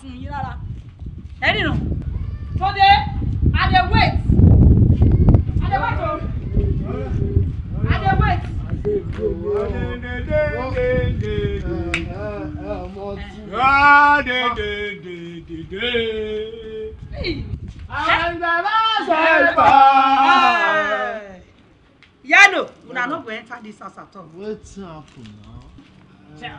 fún yín rárá ẹ nìyàn tóde i dey wait i dey wait o i dey wait. Yano, una no go enter this house at all. Wetin happen now? amen.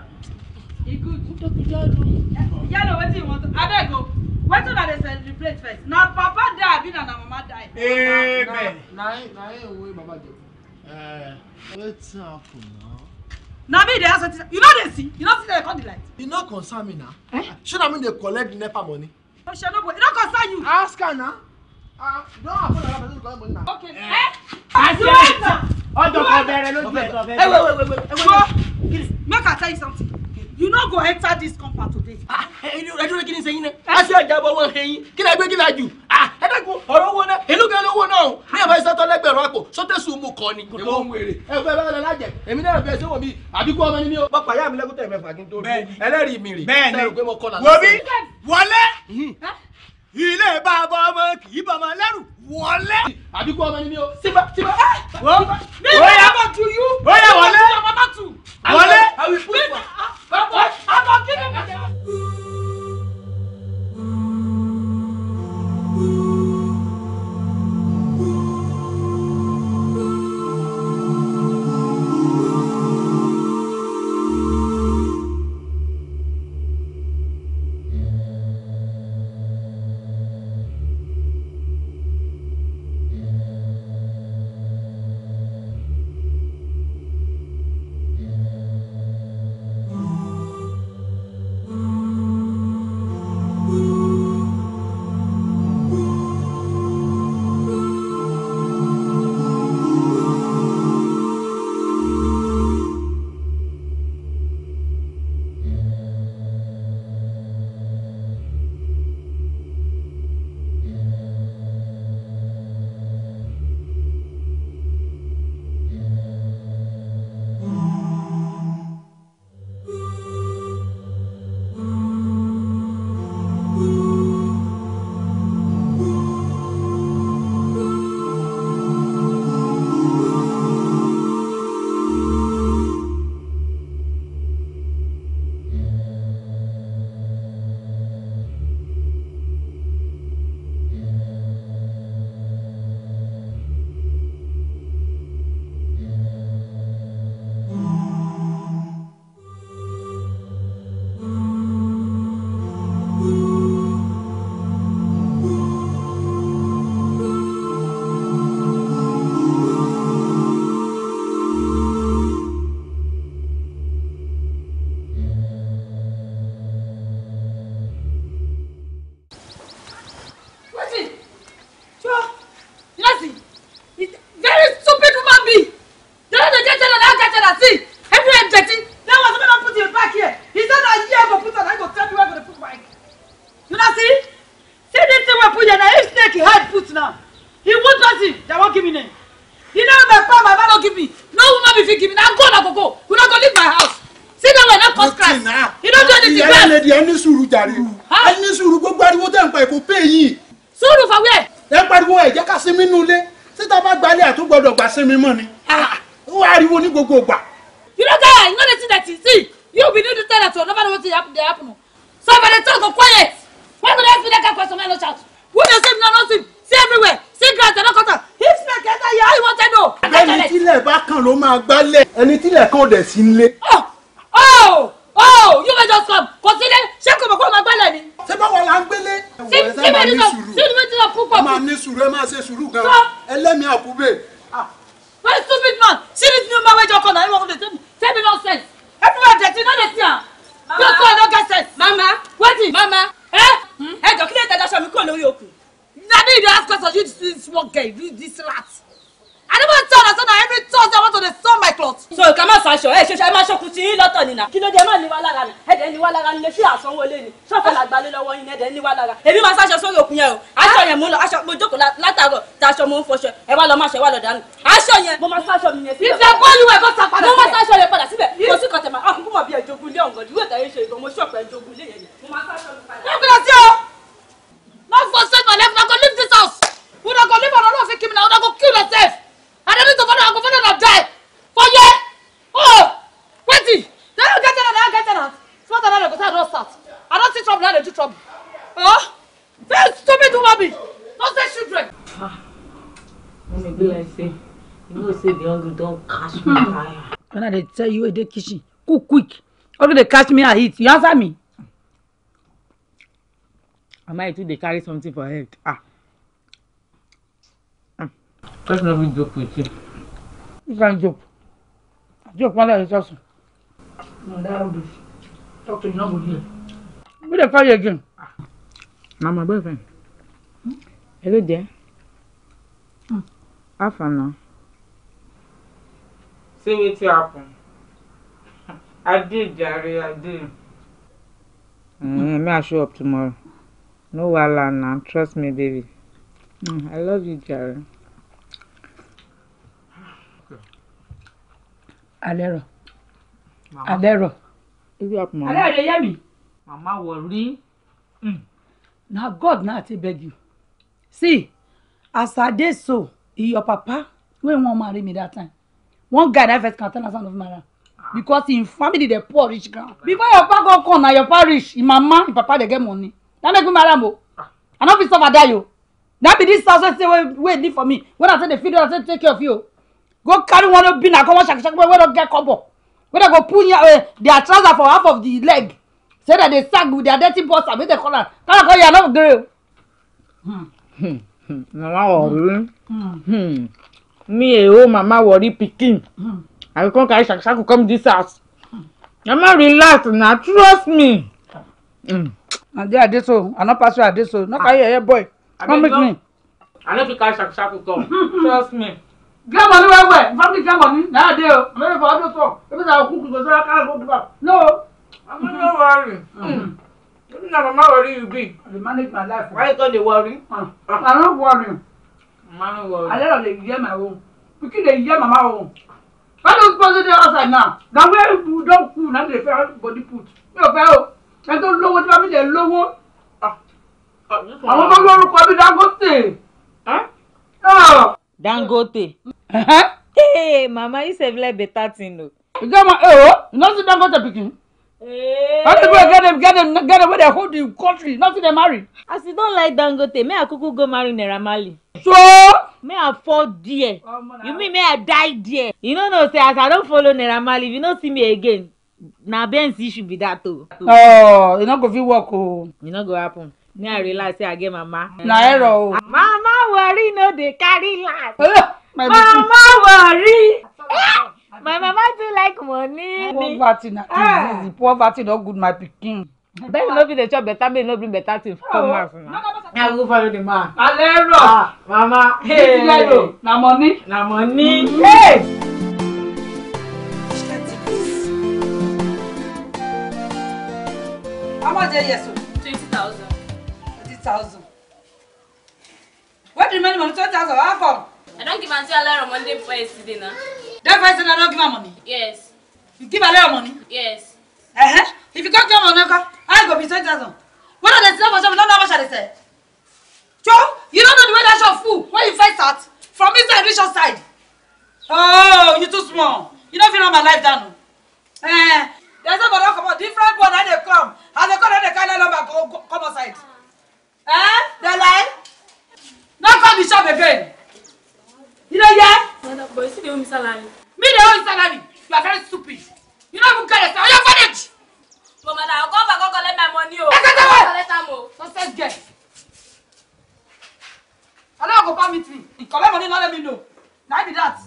ask her na. ah don afford to collect money na. okay. Eh? eh? as you enter ọjọ́ kan bẹ̀rẹ̀ lójú ẹ̀ tó bẹ̀rẹ̀. make i tell you something you no go enter this compound today. Ah, eh, ẹ dúró kí ni sẹ́yìn náà eh? a ṣe àjàbọ̀ wọn ẹ̀yìn kí ni ẹgbẹ́ kí la jù ah, ẹ dẹ́kun ọ̀rọ̀ owó náà ìlú kan lówó náà o ní ẹ̀fọ́ ìṣẹ́tọ́ lẹ́gbẹ̀rún àpò sọ́tẹ̀sù mu kọ́ ni. èwo ń wèrè ẹ fẹ́ bẹ́ẹ̀ lájẹ̀ èmi náà fẹ́ sẹ́wọ̀n mi àbíkú ọmọ ni mi o. bọ́pàá yá mi lẹ́kùtẹ̀ mẹ́fà kí n tó rí ẹlẹ́rìí mi rè. bẹ́ẹ̀ ni wọlé eh? ilé bàbá ọmọ kì í bọmọ lẹ́rù wọlé. àbí kú ọmọ ni mi o. síbẹ̀ síbẹ̀. wọ́n ní ìwé yàgò tu yú. ó yẹ wọlé. wọlé. àwọn ìfúnfún. bàbá àbọ̀ kí ni yìí. sùúrù fọwọ́ ẹ̀. ẹ pariwo ẹ jẹ́ ká sinmi nínú ilé títa bá gbalẹ̀ àtúgbọ́dọ̀ gbà sinmi mọ́ ni. Ah. Ah, ó ariwo ní gbogbo ìgbà. you know guy you know the thing that you see you be need to tell us o nobody wetin happen dey happen so if i dey talk go quiet when go dey feel like question wey no shout who dey see na nothing see everywhere see ground dey no cut am if snake enter your eye you wan tell no. ẹni tílẹ̀ bá kàn ló máa gbálẹ̀ ẹni tílẹ̀ kàn dẹ̀ sí ń ọ̀ ọ̀ oh you may just come kò sílé ṣé kò mọ̀ kó máa gbálẹ̀ ni. ṣé báwo la ń gbélé. ṣé ṣé bẹ́ẹ̀ ni sọ ṣé ni bẹ́ẹ̀ ti sọ púpọ̀. máa ní sùúrù ẹ máa ṣe sùúrù gan ẹlẹ́mi àkúbè. Ah. very stupid man ṣé ní sinimá wẹ́jọ kan náà ẹ wọ́n kò lè tẹ́ mi nonsense everywhere dẹ̀tí náà lè ti à. yóò tó ọ̀nà gẹ̀sẹ̀. mama wetin. mama ẹ ẹ jọ kí lè tẹ aṣọ mi kúrò lórí okùn. na me dey ask question you this small girl you this rat. I don't want never tell her say na every Thursday I want to dey sew my clothes. So ìka máa ṣaṣọ ẹ ṣoṣo ẹ máa ṣọkùn tí yín lọ́tọ̀ nìyà. Kí ló dé máa ní wá lára ni? Ẹ̀dẹ̀ ní wá lára ni lè ṣí àsanwó lé ni. Ṣọ́ọ̀fù làgbà lé lọ́wọ́ yín ẹ̀dẹ̀ ní wá lára. Èmi máa ṣaṣọ sórí òkun yẹn o. Aṣọ yẹn mo lọ aṣọ mo jókòó látàárọ̀ taṣọ mo ń fọṣọ ẹ wá lọ máa ṣe wá lọ dànù. Aṣọ yẹn mo máa ṣaṣọ mi yẹn síbẹ̀. Ìfẹ́ bọ́ọ̀lù ẹ̀ kó sàpadà síbẹ̀. Mo máa ṣaṣọ yẹn padà síbẹ̀. Kò sí kọ̀tẹ̀ máa kúkú mọ̀ bí ẹ̀ jogún ilé ọ̀gàn ìwé ìtàyè ṣe ìgbọ̀n mo ṣọ̀pẹ̀ jogún ilé yẹn. Mo máa ṣaṣọ mi padà. Lọ́kùnrin àti ọ, lọ́kùnrin sẹ́gbọ̀n lẹ́fún ọkọ̀ leave this house. We don go leave am alone fit kill me na una go kill yourself. I don't need to follow. I go follow not For you. Oh, wait. They don't get it. They don't get it. Smart and I go say don't start. I don't see trouble. I don't do trouble. Huh? They stupid human being. Don't say children. Ah, me be like say, you know say the hungry don't catch me hmm. fire. When I tell you, dey kitchen, cook quick. Only they catch me, at eat. You answer me. Am I too they carry something for head? Ah. Just no be joke with you. You can joke. Joke one day is awesome. No, that will be. Talk to you, not good here. Who dey call you again? Na my boyfriend. Hello there. Hmm. How far See wetin happen. I did, Jerry, I did. Mm, may I show up tomorrow? No wahala trust me, baby. Mm, I love you, Jerry. alẹ́ rọ̀ alẹ́ rọ̀ alẹ́ rẹ̀ yẹ mi. mama worry. Mm. na god na take beg you see as i dey so your papa wey wan marry me that time one guy na first can tell am of ah. mara because him family dey poor rich ground before your papa go come na your papa rich him mama him papa dey get money na make me marry am o oh. ah. i no fit suffer die o na be this thousand thing wey wey dey for me when i say dey feed you i say take care of you o oh go carry one of bin and shake shakishaki wey no get cover wey dem go pull eh, their trouser for half of the leg say dem dey sag with their dirty boss and make dem call am kala kala yah no gree o. mama worry me e o mama worry pikin hmm. i go come carry shake shakishaki come dis house mama relax na trust me. Mm. and there dey so i ah. no pass you i dey so no carry yeye boy come meet me. i no fit carry shakishaki come trust me get money well well if family get money o i no dey for audio talk if it's our cook we go sell carry go give am no. i'm no worry. mama worry you be. I manage my life. Why you come dey worry? Uh, I no worry. Mama no worry. I let am dey hear my own. Pikin dey hear mama own. Why those people dey outside now? Na where you don cool na dey fair body put. Mi ò fẹ́ o. Ẹ tó lówó tí wọ́n fi lè lówó. Ah, ah, Àwọn ọmọ lórúkọ bí Dangote. Dangote. Uh-huh. hey mama you sef like better thing o. you get my eh o oh, you no see dangote pikin. all the people get dem get dem get dem wey dey hold you country no see dem marry. as you don like dangote may i kuku go marry naira marley. so. may i fall there oh, you mean may i die dear you no know say as i don follow naira marley if you no see me again na benz issue be dat o. oh e oh, no go fit work o. e no go happen. me i realize say i get mama. na error o. mama worry no dey carry last. Eh, my mama worry. my mama too like money. poverty na ah. disease poverty no good my pikin. bẹ́ẹ̀ni no be dey chop better bẹ́ẹ̀ni no bring better thing come out from am. I go follow the man. Alero. Ah, mama. Hey. Hey. Na money. Na money. Mm-hmm. Hey. How much are you? Twenty thousand. Twenty thousand. What do you mean money? Twenty thousand. How come? don't give until auntie Alara money first dinner. That first dinner, I don't give my money? Yes. You give Alara money? Yes. Uh-huh. If you can't give my money, I go be 20,000. What are they selling for? You don't know how much are they selling. Joe, you don't know the way that shop fool. when you fight that? From inside, reach outside. Oh, you too small. You don't feel on my life down. Oh. Eh, there's a bottle come out. Different one, and they come. And they come, and they carry them back. Come outside. Eh, they lie. Now come to shop again. You know yes? Madam, but you see the only salary. Me the only salary. You are very stupid. You don't even get it. Are you finished? But madam, I'll go back and collect my money. Oh. That's the Collect am oh. Success girl. I don't go permit me. Collect money, not let me know. Now be that.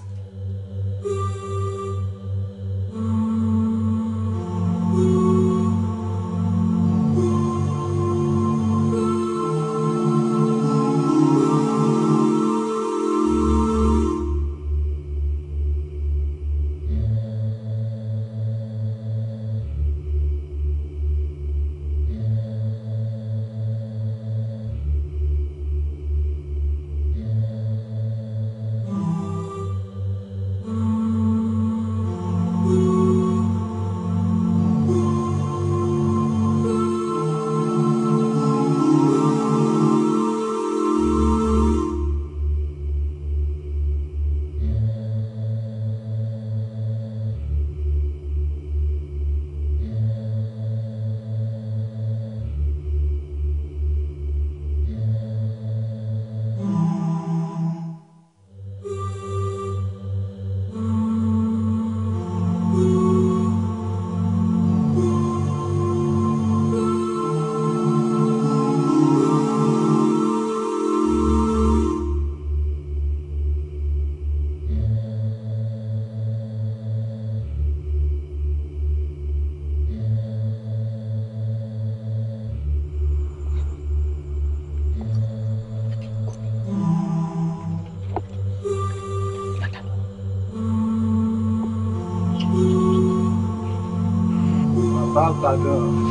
àbàgàn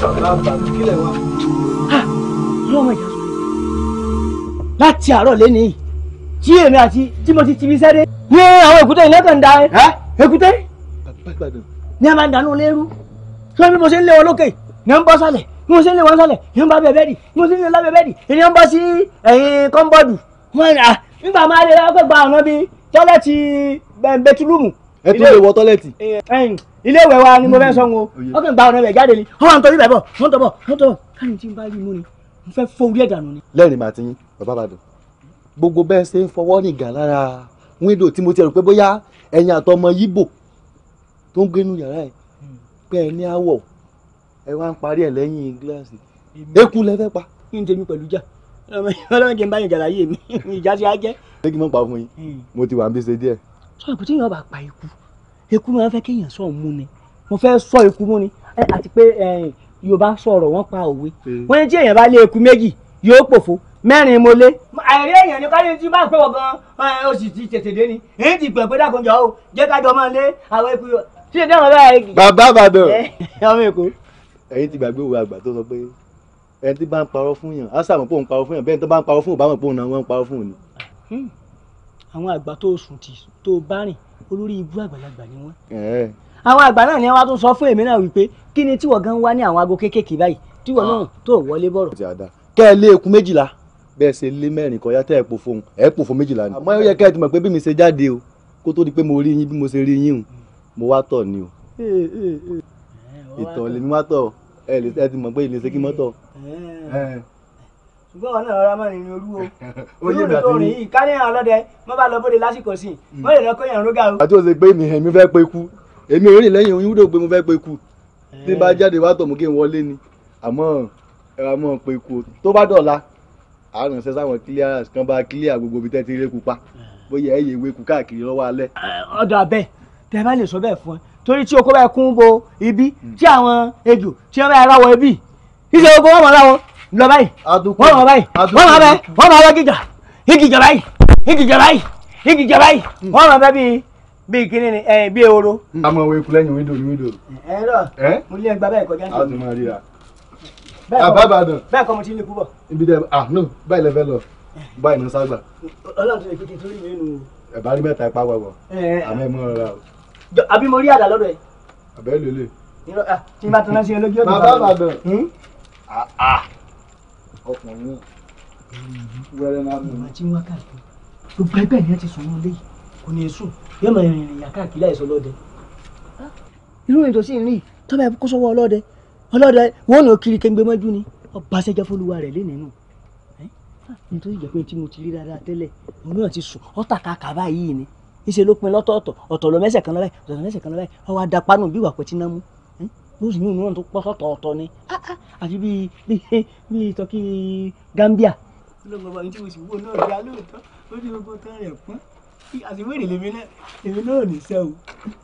bàbá àbàgàn kílẹ̀ wa. lọ́mọ ìjà sọ láti àárọ̀ lẹ́nu yìí tí èmi àti Timothy ti fi sẹ́dé ní àwọn èkúté ilé kan da ẹ èkúté ní a máa ń lérú tí bí mo ṣe ń lé wọn lókè ní wọ́n bọ́ sálẹ̀ ní wọ́n ṣe ń lé wọn sálẹ̀ ní wọ́n bá bẹ̀ẹ̀ bẹ́ẹ̀dì ní wọ́n ṣe ń lé lábẹ́ bẹ́ẹ̀dì ní wọ́n bọ́ sí ẹ̀yìn kọ́ńbọ́ọ̀dù nígbà máa lè lọ́kọ̀ gba ọ̀nà bíi tọ́lẹ́tì bẹ́túrúmù. ẹ tún lè wọ tọ́lẹ́tì ilé ìwẹ̀ wa ni mo fẹ́ hmm. sọ wọn o wọ́n gba ọ̀nà rẹ̀ jáde ni wọ́n wà ń tọ́ bíbẹ̀ bọ̀ wọ́n tọ́ bọ̀ wọ́n tọ́ káyọ̀ tí ń bá rí mú ni mo fẹ́ fọ́ orí ẹ̀ dànù ni. lẹ́rìn màá ti yín bàbá bàdàn gbogbo bẹ́ẹ̀ ṣe ń fọwọ́ nìgà lára wíńdò tí mo ti rò pé bóyá ẹ̀yin àtọmọ yíbò tó ń gbénu yàrá ẹ̀ pé ẹ ní àwọ̀ ẹ wá ń parí ẹ̀ lẹ́yìn gíláàsì eku lẹ fẹ́ pa. kí n tẹ̀mí eku máa ń fẹ́ kéèyàn sọ mú ni mo fẹ́ sọ eku mú ni àti pé yorùbá sọ̀rọ̀ wọ́n pa òwe wọ́n ní tí èèyàn bá lé eku méjì yóò pòfo mẹ́rin mo lé. àìrí èèyàn ni káyọ̀ tí bá pẹ́ wọ̀ gan-an ó sì ti tètè dé ni èyí ti pẹ̀ pé dàgbọ́njọ́ o jẹ́ ká jọ máa lé àwọn eku yọ. tí èdè àwọn báyìí. bàbá bàbá ọmọ èkó. ẹ̀yin ti gbàgbé òwe àgbà tó sọ pé ẹni tí bá ń parọ́ fún yàn á sàmọ̀ pé òun parọ́ fún yàn bẹ́ẹ̀ ni tó bá ń parọ́ fún òun bá mọ̀ pé òun náà wọ́n ń parọ́ fún òun ni. Hmm. àwọn àgbà tó sùn tì tó bá rìn olórí ibú àgbàlagbà ni wọ́n. àwọn àgbà náà ni wọ́n tún sọ fún èmi náà wípé kí ni tíwọ̀ gan wá ní àwọn aago kéékèèké báyìí tíwọ̀ náà tó wọlé bọ̀rọ̀. kẹ́ ẹ lé eku méjìlá bẹ́ẹ̀ ṣe lé mẹ́rin kọ́ yàtọ̀ ẹ̀ pò fún ẹ̀ pò fún méjìlá ni. àmọ́ yẹ kẹ́ ẹ ti mọ̀ pé bí mi ṣe jáde o kó tó di pé mo rí yín bí mo ṣe rí yín o mo wá tọ̀ ni o. ìtọ̀ lèmi wá tọ̀ ẹ ti mọ̀ pé ìlẹ̀ṣẹ̀ kí mọ́tọ̀ ṣùgbọ́n ọ̀nà ọ̀rọ̀ ọmọ nìyẹn olúwo olúwo tó rìn yìí ká ní ọlọ́dẹ mọ́ bá lọ bóde lásìkò sí mọ́ mm. lè lọ kó yẹn róga o. àti òsè pé mi èmi fẹ́ pé kú èmi ò rìn lẹ́yìn oyún dògbé mo fẹ́ pé kú tí bá eh. jáde wá tọ̀mù kí n wọlé ni àmọ́ àmọ́ pé kú tó bá dọ̀la àrùn ṣẹ́ sáwọn clearance kan bá clear gbogbo ibi tẹ́tí rékú pa eh. bóyá ẹ̀yẹ ìwé kú káàkiri lọ́wọ́ alẹ́. ọ̀dọ̀ eh, abẹ́ tẹ́ bá lè sọ bẹ́ẹ̀ fún ẹ torí tí oko bá kún bo ibi mm. tí àwọn ejò tí wọ́n bá yára wọ ibi ìṣe gbogbo wọn mọ̀ láwọn lọ báyìí wọ́n lọ báyìí wọ́n lọ bẹ hmm. wọ́n lọ bẹ gíga gíga báyìí gíga báyìí gíga báyìí wọ́n lọ bẹ bíi bíi kíní ni ẹ eh, bíi ehoro. Hmm. a máa wo eku lẹ́yìn wíńdò ní wíńdò. ẹ ẹ rọ eh? mo lé ẹgbàá bẹ́ẹ̀ kọjá a ti máa ríra. àbábàdàn. bẹ́ẹ̀ kọ́ mo ti ń lè kú bọ̀. ibi dẹ ah no báyìí lẹ fẹ́ lọ báyìí ní ságbà. ọlọ́run tó lè fi kí n tó rí mi nù. ẹ rí mẹ́ta ipá wọ̀wọ̀ eh, àmọ́ ẹ mọ́ ọ ọkùnrin náà mm-hmm. wẹ́rẹ́ náà mú. màmá wá káàkiri gbogbo ẹgbẹ́ yẹn ti sùn wọn léyìí kò ní sùn yóò máa rìnrìn ìyá káàkiri àìsàn lọ́dẹ. irú ìrìn tó sì ń rí tọ́ba ẹ̀ kó sọ́wọ́ ọlọ́dẹ ọlọ́dẹ wọn ní kiri kéńgbé mọ́jú ni ọba ṣẹjẹ fọlùwà rẹ̀ lé nínú nítorí ìjẹ́ pé tí mo ti rí dáadáa tẹ́lẹ̀ òun náà ti sùn ọ́ tàka kàbá ni ìṣe pin lọ́tọ̀ọ̀tọ̀ ọ̀tọ̀ lọ mẹ́sẹ̀ kan lọ́wọ́ ọ̀tọ̀ lọ mẹ́sẹ̀ kan lọ́wọ́ ọwọ́ adapanu bí ìwà pẹ̀tínà mú yóò sì ní òmíràn tó pọ́ sọ́tọ̀ ọ̀tọ̀ ni àfi bíi bíi bíi tọ́kì Gambia. lọ́gbọ̀n bá ń tí mo sì wò náà bí alóòótọ́ ó ní gbogbo tán rẹ̀ pọ́n àti wéèrè lèmi náà èmi náà ò ní sẹ́ o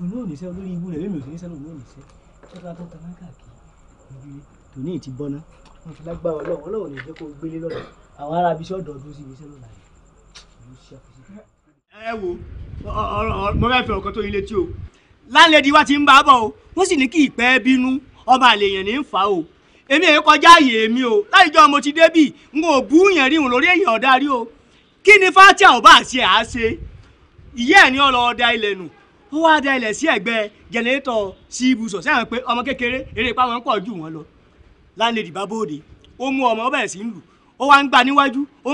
èmi náà ò ní sẹ́ o lórí ibú rẹ̀ lèmi ò sì ní sẹ́ lòun náà ò ní sẹ́ ṣọ́tà tó ta náà káàkiri ìbí tòní ti bọ́ná mo ti lágbára ọlọ́run ọlọ́run ní ìjẹ́ kó gbélé lọ́dọ̀ àwọn ará abiṣẹ́ ọ̀dọ̀ ọdún sí ibiṣẹ́ lọ́la yìí ẹ wo mo fẹ́ fẹ́ ọ̀kan tó yin létí o láńlẹ́dí wa ti ń bá bọ̀ o wọ́n sì ní kí ìpẹ́ bínú ọmọ àlèyàn ní ń fa o èmi èyí kọjá àyè mi o láìjọ mo ti débì n kò bú yẹn ríhùn lórí èyàn ọ̀darí o kí ni fatia á ṣe ìyá ẹ̀ ní ọ̀rọ̀ ọ̀dà ilẹ̀ nù ó wá ibùsọ̀ sẹ́wọ̀n pé ọmọ kékeré eré ipá wọn pọ̀ lọ bá bóde ó mú ọmọ sí ń lù ó wá ń gba níwájú ó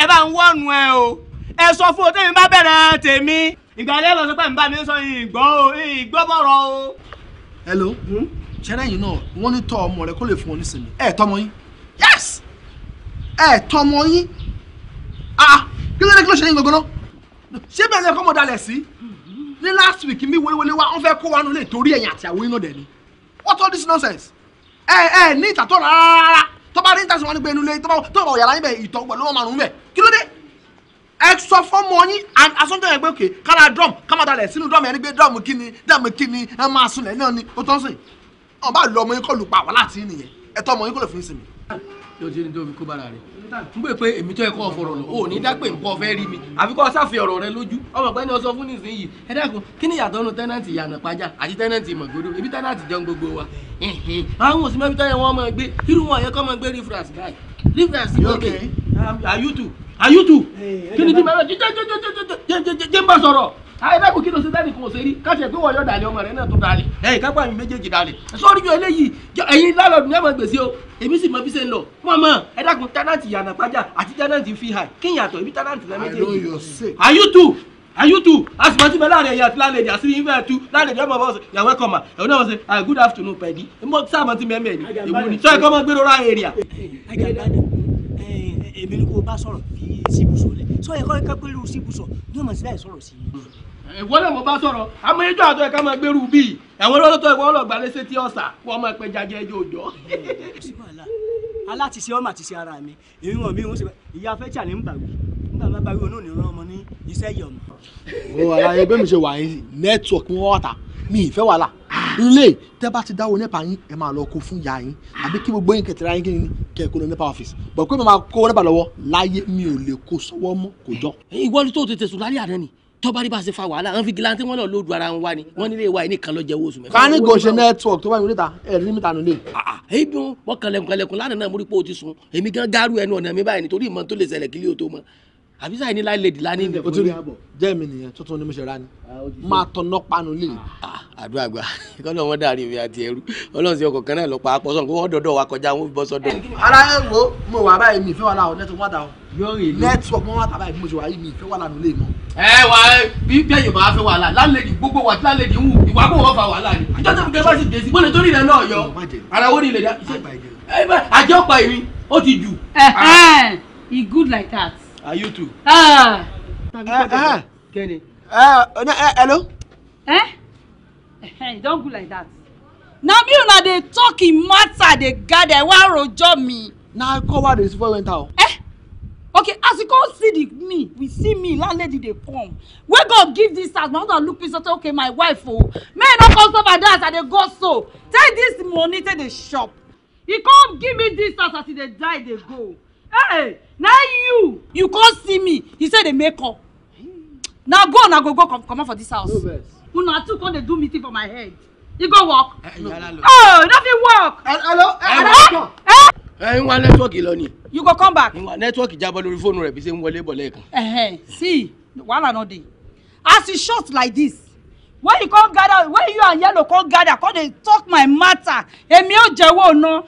ẹ bá ń wọ́nu ẹ o ẹ sọ fún o tẹ́mi bá bẹ̀rẹ̀ tèmi ìgbàlẹ́ lọ sọ pé nbà mi sọ ìgbọ́ o ìgbọ́ bọ̀rọ̀ o. hello hmm? ṣẹ́rẹ́yìn náà wọ́n ní tọ́ ọmọ rẹ kó lè fún ọ nísìnyí ẹ̀ tọ́mọ yín yes ẹ̀ tọ́mọ yín ah kí ló dé kí ló ṣe yín gbogbo náà ṣé bẹ́ẹ̀ ni ẹ̀kọ́ mọ̀ dalẹ̀ sí ní last week mi wéléwélé wa wọ́n fẹ́ kó wa nulẹ̀ torí ẹ̀yìn àti àwọn iná dẹ̀ ni what all this nonsense ẹ ẹ ní ìtàtọ̀ rárá tó bá rí níta sí wọn ní gbé inú ilé tó bá tó bá yàrá yín bẹ ìtọ̀ pẹ̀lú ọmọ àrùn bẹ kí ló dé ẹ sọ fọmọ yín asọ́jọ́ yẹn pé òkè kára drum kámá dalẹ̀ sínú drum yẹn ní gbé drum kíni drum kíni ẹ máa sunlẹ̀ náà ni ó tọ́ sìn ọ̀ bá lọ ọmọ yín kọ́ lù pa wà láti yín nìyẹn ẹ tọ́ ọmọ yín kọ́ lè fi ń sinmi yóò ti ní tó fi kó bára rẹ̀ n gbé pé èmi tó yẹ kó ọ̀fọ̀rọ̀ lọ ò ní nǹkan ọ̀fẹ́ rí mi àfi kó sáfẹ́ ọ̀rọ̀ rẹ lójú ọmọ pẹ́ni ọsọ fún nísìnyí ẹ dákun kí ni ìyàtọ̀ nu tẹ́nàntì ìyànà pàjá àti tẹ́nàntì ìmọ̀gbòdo ibi tẹ́nàntì jẹun gbogbo wa àwọn òsì mẹ́bí tẹ́yẹ wọn máa gbé irú wọn yẹ kọ́ máa gbé reference báyìí reference àìdákùn kí ló ṣe dání kan ṣe rí káṣẹ pé wọ́n yọ dalẹ̀ ọmọ rẹ náà tó dalẹ̀ ẹ̀yìn kápá mi méjèèjì dalẹ̀ sọ́ọ́rí ju eléyìí ẹ̀yin lálọ́ọ̀dù ní ẹ̀mọ́ gbèsè o èmi sì mọ bí ṣe ń lọ mọ́ mọ́ ẹ̀dákùn tánàtì yànnà pàjá àti tánàtì fi hàn kí yàtọ̀ ibi tánàtì rẹ méjèèjì. àyùtù àyùtù àsìmọ́tì bẹ láàrin ẹ̀yà àti lálejò àti ìfẹ́ ẹ̀tú lálejò ọmọ bọ́sẹ̀ yà wẹ́kọ̀mà ẹ̀wọ́n náà wọ́sẹ̀ ah good afternoon pẹ̀lú mọ́ sáàmọ́ mẹ́mẹ́ ni èmi ni sọ́ọ́ ẹ̀kọ́ mọ́ gbèrò ra èrìà. ajabani èmi ni kò bá sọ̀rọ̀ fi síbùsọ̀ lẹ̀ sọ́ọ́ ẹ̀kọ́ ẹ̀kọ́ pẹ̀lú síbùsọ̀ ni ọmọ sílẹ̀ sọ̀rọ̀ sí i ìwọ náà mo bá sọ̀rọ̀ àmọ́ ijó àtọ́ ẹ̀ka máa gbèrú bíi ẹ̀wọ̀n lọ́tọ́ ìwọ ọlọ́gbà léṣe tí ọ̀sà wọ́n máa pẹ́ jajẹ́ ẹjọ́ òjọ́. alátìsí ọmọ àtìsí ara mi ìwọ̀n mi ń ṣe ìyá fẹ́ tà ní bàwí nígbà má bàwí onú òní rán ọmọ ní iṣẹ́ yẹ ọmọ. o ara ẹgbẹ́ mi ṣe wà ní nẹ́tíwọ̀kì wọn wà ta mi ìfẹ́ wàhálà ilé tẹ́ bá ti dáwọ́ nípa yín ẹ máa lọ kó fún ìyá yín àbí kí gbogbo yín kẹtẹrẹ ayé kíni kẹ kó lọ nípa ọ́fíìsì bọ̀ pé mo máa kó nípa lọ́wọ́ láyé mi ò lè kó sọ́wọ́ mọ́ kò jọ. ìwọ tó tètè sùn lálẹ́ àná ni tọ́ba rí bá ṣe fa wàhálà àwọn fìgìláńtì wọn lọ lóòdù ara wọn wá ni wọn nílé wa nìkan lọ jẹ owó oṣù mẹ́fà. ká ní gòṣe network tó wà nílé ta ẹ ní mítà nílé. èyí bí wọn kànlẹ̀kùn kànlẹ̀kùn lánàá náà mo rí pé o ti sun èmi gan gárù ẹnu ọ̀nà mi báyìí nítorí ìmọ̀ tó lè ṣẹlẹ̀ kílí o tó mọ̀ àbí sáyẹn ní láìlèdì lánìí. o ti rí jẹ́ mi nìyẹn tuntun ni mo ṣe ra ni ah, máa tọ̀nà panu lè àdúrà gbà kọ́lọ́ wọn dàrí mi àti ẹrú ọlọ́run sí ọkọ̀ kan náà lọ pa kó wọ́n dọ̀dọ̀ wa kọjá wọn bọ́ sọ́dọ̀. ara wo mo wà báyìí mi ìfẹ́ wà láwọn nẹ́tíwọ́n wàtà wọn nẹ́tíwọ́n wọn wàtà báyìí mo ṣe wà yìí mi ìfẹ́ wà láwọn ilé mọ́. ẹ wà bí bẹ́ẹ̀yìn máa fẹ́ wàhálà lálẹ́dì gbogbo wa lálẹ́dì ń wù ìwà kó wọ́n fa wàhálà ni ìjọ tó fẹ́ bá sì dèsí gbọ́dọ̀ torí rẹ̀ náà yọ ara wo ni ilẹ̀ dá àjọ pa èmi ó ti jù. e good like that. are you too. ẹ ah. ẹ eh, eh. kẹ́ni. ẹ eh, ẹ hello. ẹ. Don't go like that. na me una dey talk im matter they gather wan rojo me. Now na cover dey spoil enter out? eh okay as you come see the me we see me landlady they come When god give this house my husband look me say okay my wife oh, may not come suffer that as i dey go so take this money take dey shop he come give me this house as he they die they go hey now you you come see me He say dey make up na go na go go come comot for this house. No una two come dey do meeting for my head e go work eh, eh, oh nothing work. Eh, hello hello ẹ ń wá nẹ́tíwọ́ọ̀kì lọ you go come back. nẹ́tíwọ́ọ̀kì jábọ́ lórí fóònù rẹ̀ bí ṣe ń wọlé bọ̀ lẹ́ẹ̀kan. see wahala no dey as e short like this when you come gather when you and yellow come gather come dey talk my matter èmi ò jẹ́wọ́ ọ̀nà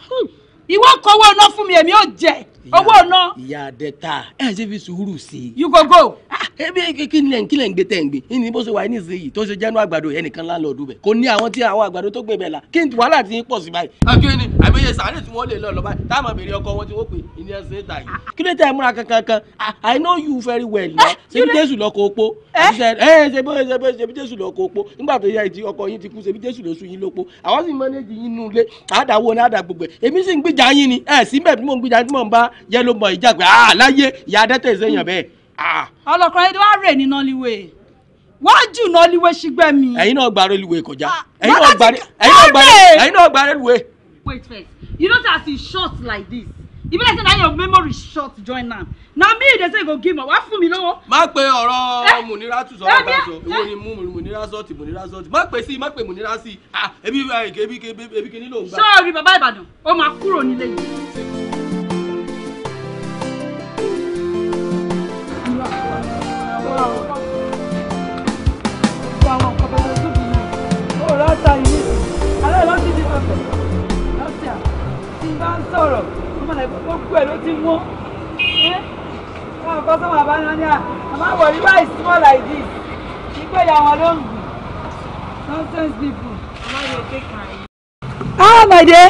ìwọ kọ̀wé ọ̀nà fún mi èmi ò jẹ́ owó ná. ìyá adẹ́ta ẹ ṣe fi sùúrù sí i. you go go. ebi ah, ah, kí ni kí lẹ̀ ń gbé tẹ̀ ń gbé ní bó ṣe wà ní ìsinyìí tó ṣe jẹ́nu àgbàdo ẹnìkan láńlọ́ọ̀dù bẹ̀ kò ní àwọn tí àwọn àgbàdo tó gbé bẹ̀ la kí n wàhálà ti pọ̀ sí báyìí. àjọ ah, ẹni àbẹ̀yẹ sàárè tí wọ́n lè lọ lọ́ba táwọn àbẹ̀rẹ̀ ọkọ wọn tí wọ́n pè ní ẹsẹ̀ ta yìí. kí ló tẹ ẹ múra kankan i know you very well na ṣebí jésù lọkọ opó ṣebí jésù lọkọ opó nígbà tó yá ìdí ọkọ yín ti kú ṣebí jésù lóṣù yín lópo àwọn sì mọ́nẹ́jì yín nulẹ̀ àdàwọ̀ ní àdàgbògbè èmi sì ń gbìjà yín ni ẹ̀ sí mẹ́ẹ̀ẹ́ tí mò ń gbìjà yín tí mò ń bá yellow boy jàgbé ah láyé ìyá adẹ́tẹ̀ ìsẹ̀yàn bẹ́ẹ̀. ọlọkùnrin ẹni wàá rè ní nọlíwèé wọ́n jù nọlíwèé sígbẹ́ mi. ẹ̀yin náà gba rélùwé kọjá ẹ̀yin náà gba ẹ̀yin náà gba rélùwé. wait first you know say as e short like this Even be like say na your memory short join am na me dey say go give me wá fún mi lówó. má pe ọ̀rọ̀ mùnira tù sọ̀rọ̀ bá sọ èwo ni mùnira sọ́ọ̀tì mùnira sọ́ọ̀tì má pe sí má pe mùnira sí ebi ebi ebi kí ni ló ń gbà. sọ́ọ̀rì bàbá Ìbàdàn ó máa kúrò nílé yìí. bá ń sọ̀rọ̀ ọmọ náà gbogbo ẹ̀ ló ti mọ́ káwọn kọ́sọ́mọ àbáná ní à àmọ́ wọ̀rí wá is small like this ìgbé ìyàwó ló ń gùn nonsense people. ah my dear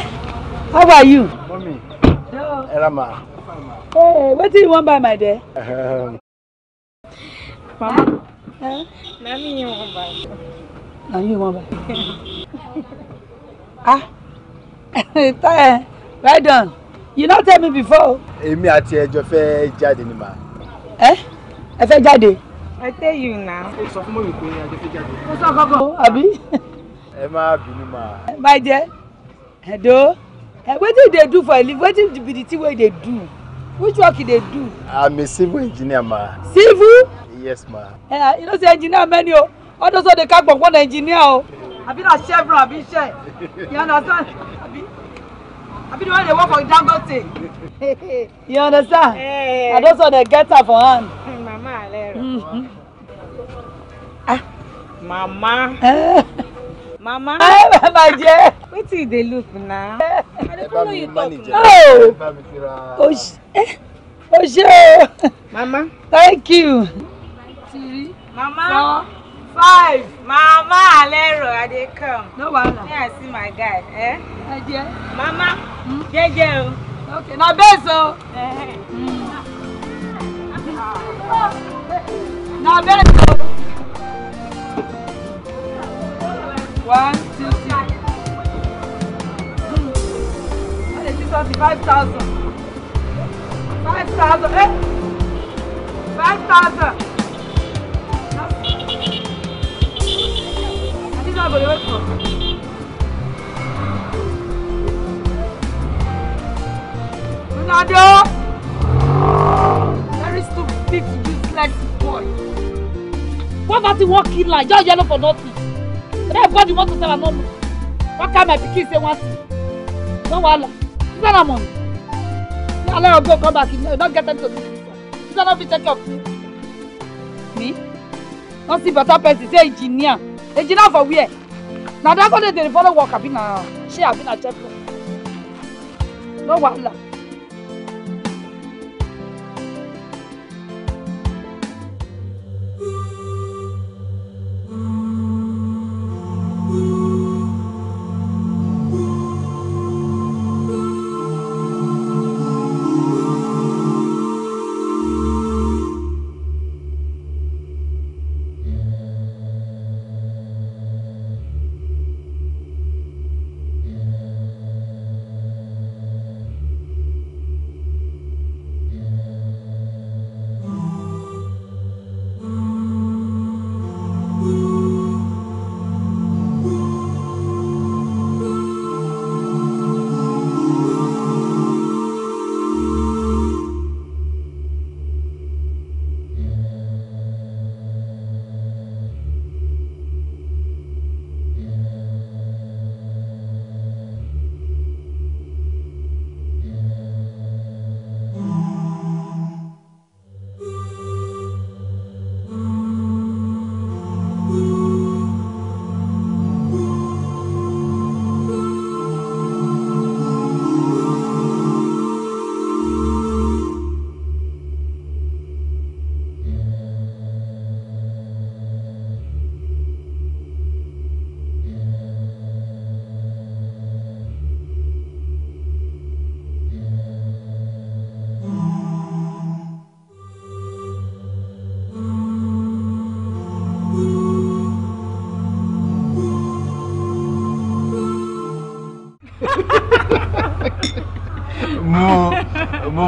how are you. mọ́mí ẹ ra màá. Hey, eh, wetin you wan buy my dear. Um, Mama, na me you wan buy. Na you wan buy. ah, tire. Eh, well done you not tell me before. èmi àti ẹjọ fẹ́ jáde ni màá. ẹ ẹ fẹ́ jáde. I tell you now. ó sọ fún mọ̀mí pé ẹjọ fẹ́ jáde. ó sọ kọ́kọ́ àbí. ẹ má bínú màá. ẹ má jẹ ẹdọ wetin you dey do for a living What be the thing wey they do which work you they do. i'm a civil engineer ma. civil. yes ma. Uh, eh, you know say engineer many o all those wey dey engineer? Oh, na engineer o. àbí na chevron àbí iṣẹ́ you understand. abi the one dey work for Dangote. you understand? Hey. na those one dey get am for hand. mama alero. Mm -hmm. ah. mama. mama. Hey, mama jẹ. wetin you dey look now? i dey follow you talk na. o ṣe o ṣe mama. thank you. mama. So, Five. Mama Alero come? No wahala. Me I see my guy. Eh? Eje. Mama. Hmm? Jeje o. Okay. Now, base o. Eh. Mm. One, two, three. Hmm. I dey see something. Five thousand. Five thousand. Eh? Five thousand. káàbọ̀ lọ́wọ́ kan. Ronaldo! Very stupid, useless boy. What about the one killer? Just yellow for nothing. And everybody wants to sell another. What can my pikin say one thing? No wahala. Is that money? I let her go come back. You don't get into this do. You don't have to take care of me. Me? Don't see better person. Say engineer egyina for where na that one dey dey follow work abi na shey abi na check no wahala.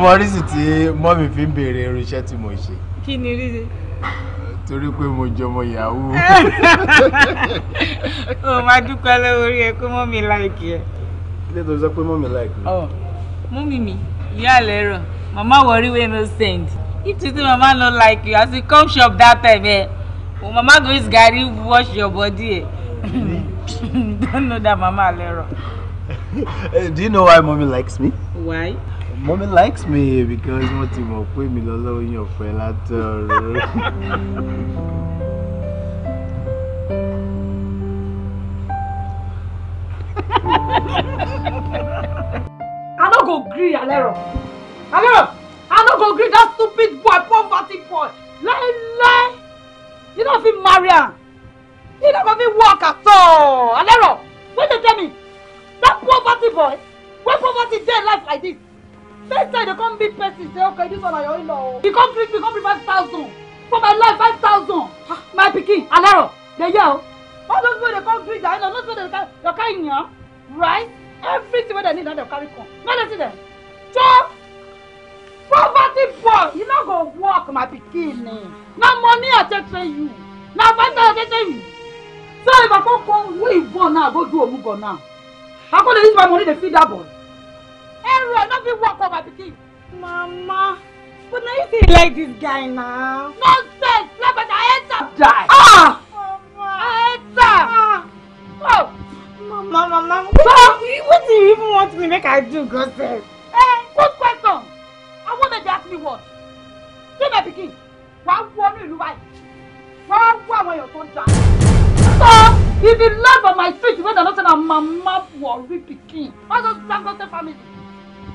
mọ rísì tí mọ́mì fi ń béèrè irú iṣẹ́ tí mo ṣe. kí ni rísì. torí pé mo jọmọ yahoo. o máa dúpẹ́ lọ́wọ́ orí ẹ pé mọ́mì láìkì ẹ. ilé tó sọ pé mọ́mì láìkì mi. Oh, mọ́mì mi ìyá àlẹ́ rọ̀ mama worry wey no send if you say mama no like you as you come shop that time eh well, mama go use garri wash your body eh don't know that mama alero. Eh, do you know why mommy likes me? Why? Mommy likes me because wọ́n ti mọ̀ pé mi lọ́lọ́run yàn fún ẹ látọ̀rọ̀. I no go gree, Alero. Alero, I no go gree that stupid boy, poor fatty boy. Lie, lie. You no fit marry am. He no go fit work at all. Alero, wait dey tell me. That poor fatty boy, poor fatty dey life like this, First time they come meet person say okay this one na your in-law o. He come treat me come bring five thousand for my life five thousand. My pikin Alaro They hear o. Oh. All those people they come greet their in-law no so they carry your carry yan oh. right? Everything wey they need na dem carry come. No dey see them? Chop poverty poor you not go walk my pikin Now money I take pay you. Now five I take pay you. So if I come come wey you born now go do a omugo now. How come dey use my money dey feed that boy? Ero, ẹrù ẹ̀ ló fi wọ̀pọ̀ bàbíkì. mama but na you say like this guy na. nonsense lẹ́gbẹ̀ta ẹ̀ta. die. ah mama ẹ̀ta. ah oh. mama mama what do you even want me make i do go sef. eh good question i wan make you ask me what. ṣé my pikin wàá wọnú ìlú wa yìí wàá wọ àwọn èèyàn tó ń ta. if you love on my street you better not say na mama worry pikin all those dangote family.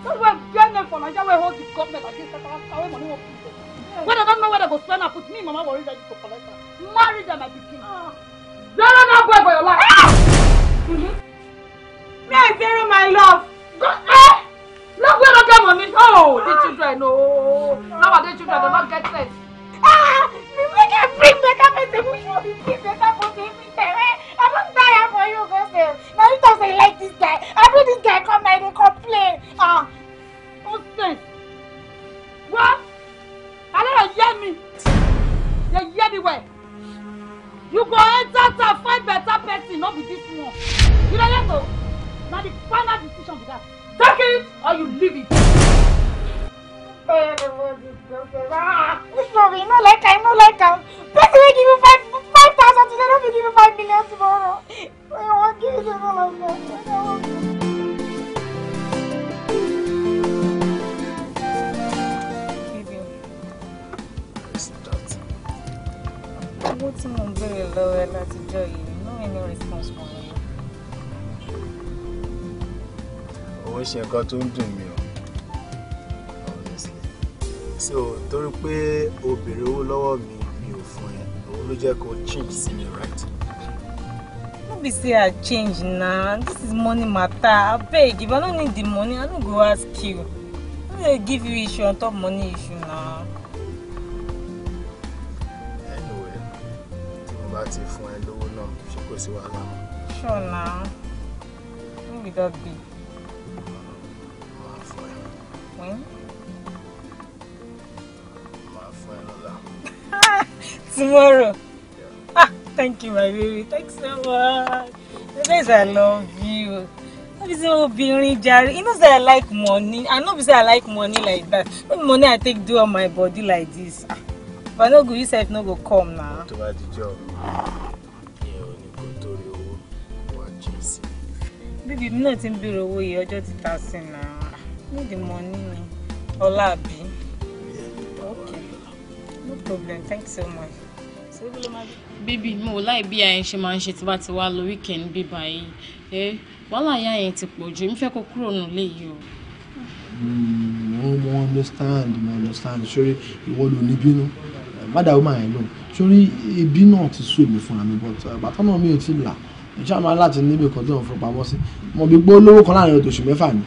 Don't wear I'm fearing them for Nigeria where all the government against us away money won't put them. When I don't know where they go spend and put me, Mama worries that you go collect her. Marry them, my Don't Zero now go for your life. Me, I bury my love. Go, eh? Love where don't get money. Oh, the children, no. Now Nowadays children do not get sense. Ah, me make a free better person. We should be free better person. I don't die for you, go say you like this guy. Every this guy come now, they complain. Ah, uh, oh, nonsense. What? I don't hear me. You hear me well. You go enter to find better person, not with this one. You don't let go. Now the final decision be that. Take it or you leave it. Everybody, ah, sorry, no like I no like I'm. Person will give you five I got together with you to find me last tomorrow. I don't want kids in all of them. owó tí mo ń béèrè lọ́wọ́ ẹ látijọ́ yìí no any response from you. owó ṣe nǹkan tó ń dùn mí o so torí pé o béèrè owó lọ́wọ́ mi ló jẹ́ kó change sí right. no be say i change now. this is money matter I beg if i don't need the money i don't go ask you i no give you issue on top money issue now. anyway tí mo bá ti fún ẹ lówó náà ṣe kó sí wàhálà mọ́. sure na no be My friend. when. tomorrow. Ah, thank you, my baby. Thanks so much. The I love you. What is obìnrin jàre? You know say I like money. I know say I like money like that. When money I take do on my body like this. But ah, no go you said no go come now. To buy the job. Baby, mi náà ti ń béèrè owó yìí ọjọ́ ti ta sí i náà. the money ni. Ọlá àbí. Okay. No problem. Thanks so much bíbí mo ò láì bí àyẹn ṣe máa ń ṣe tí bá ti wá lọ weekend bíbá yìí ẹ wàhálà ìyá yẹn ti pọ̀ jù ìfẹ́ kó kúrò nù lé o. Hmm, mo understand mo understand sórí ìwọ ló ní bínú mádà ó máa yẹn lò ebi náà ti sú èmi fúnra mi but bàtà náà mi ò ti là ìṣe àmà láti níbi kan tí wọn fún pamọ́ sí mo bí gbó lówó kan láàrin oṣù mẹ́fà ni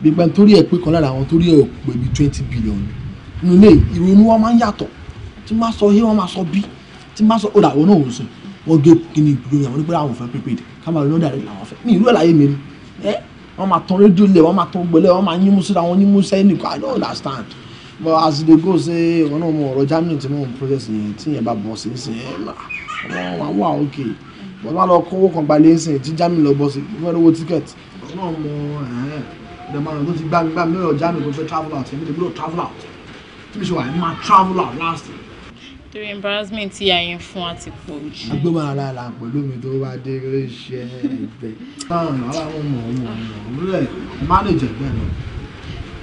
gbígbẹ́ torí ẹ̀ pé kan lára àwọn torí ẹ̀ pé bíi twenty billion nílé ìrònú wọn máa ń yàtọ̀ tí wọ́n máa sọ yé wọ́n máa sọ bíi tí má sọ ó dàgbọ́ náà ò sùn wọ́n gé kíní ìgbìyànjú àwọn onípẹ́rẹ́ àwọn òfẹ́ prepaid kámẹ́rà ló dàrẹ́ làwọn fẹ́ mi ìlú ẹ̀ láyé mi ni ẹ́ wọ́n máa tán rédíò lẹ̀ wọ́n máa tán gbẹlẹ̀ wọ́n máa yín mú síra wọn yín mú sẹ́yìn nìkan I don't understand but as e dey go say wọn náà mọ ọ̀rọ̀ Germany tí wọ́n process yẹn tí yẹn bá bọ̀ sí sí ẹ̀ wọ́n wà okay wọ́n máa lọ kówó kan gbalẹ̀ ẹ̀sìn tí Germany lọ bọ̀ sí wọ́n lówó ticket wọ́n náà mọ ẹ̀hẹ́n torí embarrassment tí a yẹn fún àti pọ̀ jù. agbóhùn ara la pẹ̀lú mi tó bá dé ló ṣe ẹgbẹ́. táwọn ọ̀nà ara wọn mọ̀ ọ́n mọ̀ ọ́n lẹ̀ manager ẹgbẹ́ náà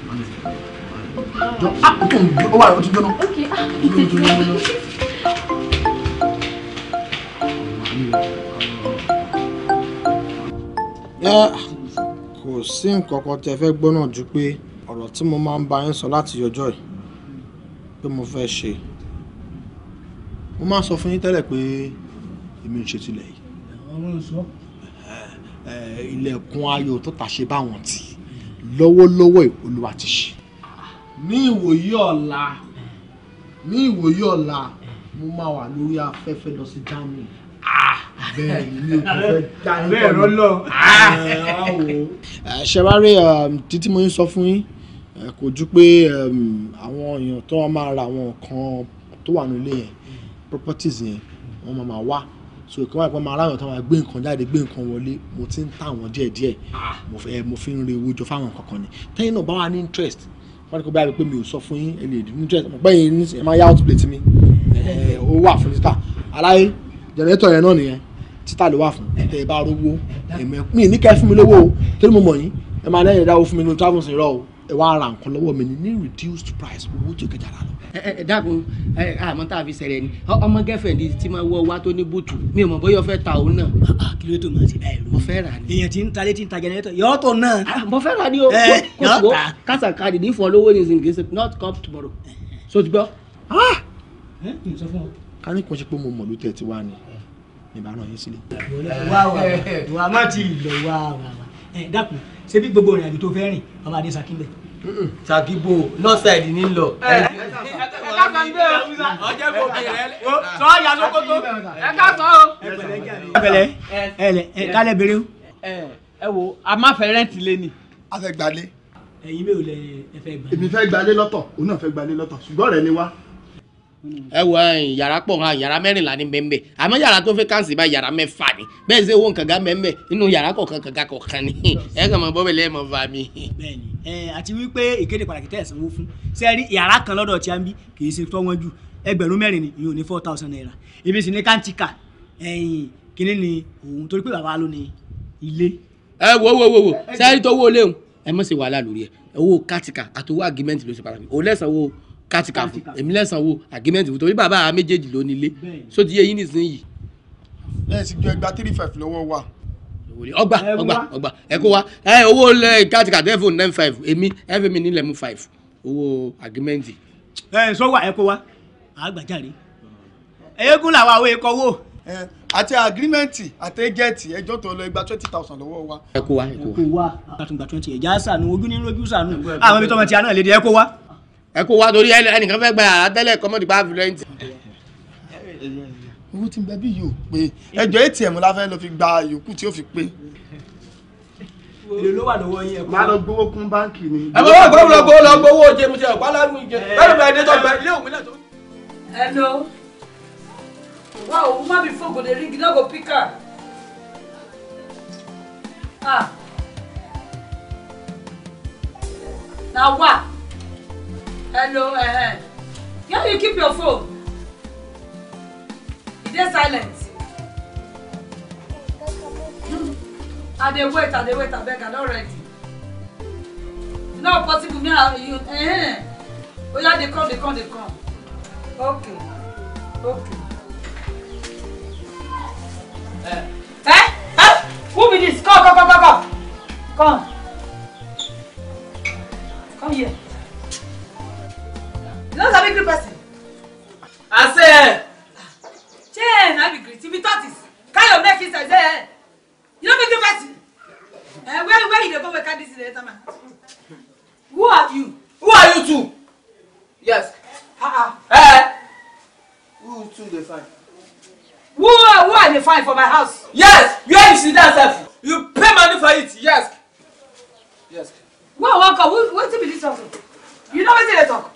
manager ẹgbẹ́ náà. ó wà ó ti jóná. ok ah ìtẹ̀síwájú. kò sí nǹkan kan tẹ́ fẹ́ gbọ́ náà ju pé ọ̀rọ̀ tí mo máa ń bá yín sọ láti ọjọ́ yìí pé mo fẹ́ ṣe mo máa sọ fún yín tẹ́lẹ̀ pé èmi ò ṣe tilẹ̀ yìí. àwọn ló sọ. ilẹ̀kùn ayọ̀ tó ta báwọn tì lọ́wọ́lọ́wọ́ olúwa ti ṣe. ní ìwòyí ọ̀la ní ìwòyí ọ̀la mo máa wà lórí afẹ́fẹ́ lọ sí Germany bẹ́ẹ̀ ni mi ò tún fẹ́ dá yín bẹ́ẹ̀ rọ́lọ́ ṣẹ̀wárí um, títí mo ń sọ fún yín kò ju pé um, àwọn èèyàn tó máa ra àwọn nǹkan tó wà nílé yẹn properties yẹn wọ́n máa wá so ìkan wáyé pé máa ráyàn táwọn gbé nǹkan jáde gbé nǹkan wọlé mo ti ń tà wọ́n díẹ̀ díẹ̀ ah. mo fi ń re owó jọ fáwọn kankan ni tẹ́yìn náà bá wà ní interest wọ́n ní kó báyìí pé mi ò sọ fún yín ẹ lè interest mo pẹ́ yín ẹ máa yá outplate mi ó wà fún títà aláyé jẹ̀nẹ́tọ̀ yẹn náà nìyẹn títà ló wà fún tẹ́ ẹ bá rówó ẹ̀mẹ́ mi ní kẹ́ fún mi lówó o torí mo mọ̀ yín ẹ máa lẹ́yìn ìdáwó fún mi ní travel sí o ẹ wá ra nǹkan lọ́wọ́ mi ní ní reduced price owó tí o kẹjà rà lọ. ẹ ẹ dàgbọn ẹ àmọ́ tá a fi sẹ̀rẹ̀ ni ọmọ gẹ́fẹ̀ndì tí máa wọ wá tó ní bùtù mi ò mọ̀ bóyá o fẹ́ ta òun náà. Ah, ah, kí ló tó máa ṣe báyìí lọ. mo fẹ́ rà ni. èèyàn ti ń ta létí ń ta jẹnẹrétọ̀ yọ ọ́tọ̀ náà. Ah, mo fẹ́ rà ni o kò tó kásàkadì ní ìfọ̀lówó ní zinc gẹ̀ẹ́sì not come tomorrow. so ti gbọ́. ká ní kò ṣe pé mo mọ̀ ló tẹ̀ ti wá ni ìbáná yín sílẹ̀. wà á wà á má ti lọ wà á wà á dákun ṣé bí gbogbo ìrìnàjò tó fẹ́ rìn ọmọ adé saki bẹ̀. saki bo north side ni n lọ. ẹ ká sọ ibẹ̀ o ọjọ́ kò bẹ̀rẹ̀ o sọ ọ̀yà sokoto ẹ ká sọ o. ẹ pẹ̀lẹ́ ẹ lẹ ẹ kálẹ̀ bèrè o. ẹ wo a máa fẹ́ rẹ́ǹtì lé ni. a fẹ́ gbalé. ẹ̀yin mi ò lẹ ẹ fẹ́ gbalé. èmi fẹ́ gbalé lọ́tọ̀ òun náà fẹ́ gbalé lọ́tọ̀ ṣùgbọ́n rẹ̀ ni wá ẹ wọ eh, yàrá pọ̀ hàn ah, yàrá mẹ́rìnlá ní bẹ́ẹ̀ àmọ́ yàrá tó fẹ́ káàsì bá yàrá mẹ́fà ni bẹ́ẹ̀ ṣe owó kànga mẹ́mẹ́ nínú yàrá kọ̀ọ̀kan kànga kọ̀ọ̀kan ni ẹ kàn máa bọ́bẹ̀ lẹ́ẹ̀mọ́ bá mi. bẹ́ẹ̀ni ẹ àti wípé ìkéde pàtàkì tẹ ẹsẹ wọn fún sẹẹrí yàrá kan lọ́dọ̀ tí a ń bí kì í ṣe tọwọn ju ẹgbẹ̀rún mẹ́rin ni ìyóò ní four thousand naira ibi sì ní kántíkà ẹ̀yìn kínní ni òun torí pé bàbá ló ní ilé. ẹ wo wo wo wo sẹẹrí tó wó léwu ẹ mọ̀ sí wàhálà lórí ẹ owó kántíkà àtòwò agreement ló ṣe pàtàkì òun lẹ́sàn-án wo kátìkà fún èmi lẹ́sàn wo agreement fún torí bàbá méjèèjì ló nílé so ti yé yín nísìnyìí. lẹ́yìn sí jọ ẹgbàá three five lọ́wọ́ wa. ọgbà ọgbà ọgbà ẹ kó wa ẹ owó kátìkà tẹ́ fún nine five èmi ẹ fẹ́ mi five owó agreement. ẹ sọ wà ẹ kó wa àgbàjáre ẹyẹkùn làwọn àwọn èkó wò àti agirimẹ́ǹtì àti ẹgẹ́ẹ̀tì ẹjọ́ tó lọ igba twenty thousand lọ́wọ́ wa. ẹ kó wa ẹ kó wa. ẹ kó wa àtúngbà twenty ẹ̀já sànù ojú ní lójú sànù àwọn ibi tó ma ti àná lédè ẹ kó wa ẹ kó wá torí ẹnìkan fẹ́ gba yàrá tẹ́lẹ̀ kọ́mọ́dé bá fi rẹ́ǹtì. owó tí ń bẹ bí yóò pé ẹjọ́ atm la fẹ́ lọ fi gba yòókù tí ó fi pé. èlò lọ gbowó kún báǹkì ni. ẹ bá wà gbọ́dọ̀ lọ gbowó lọ gbowó oje mo ti ẹ̀ pálárù ìjẹ bẹ́ẹ̀ bẹ́ẹ̀ ní tọ́jú ilé òun nílẹ̀ tó. hello wow woman before go dey ring you no go pick am. ah na wa. Hello, eh, eh. Yeah, you keep your phone. Is there silence? Hmm. I they wait, I they wait, I beg, I don not possible, me, I, you, eh, eh. Oh, yeah, they come, they come, they come. Okay, okay. Eh? Eh? Eh? Who be this? Come, come, come, come, come. Come. Come here. You no sabi gree person. I ase. shey na be greet ibi tortis carry make I say you no be a person. Uh, where where you go wey carry this dey enter my who are you. who are you two? yes. Uh-uh. Eh. who two they find. who who are they find for my house. yes where you sit that sef. you pay money for it yes. yes. Well, welcome. What, what be this talk? You know what they talk?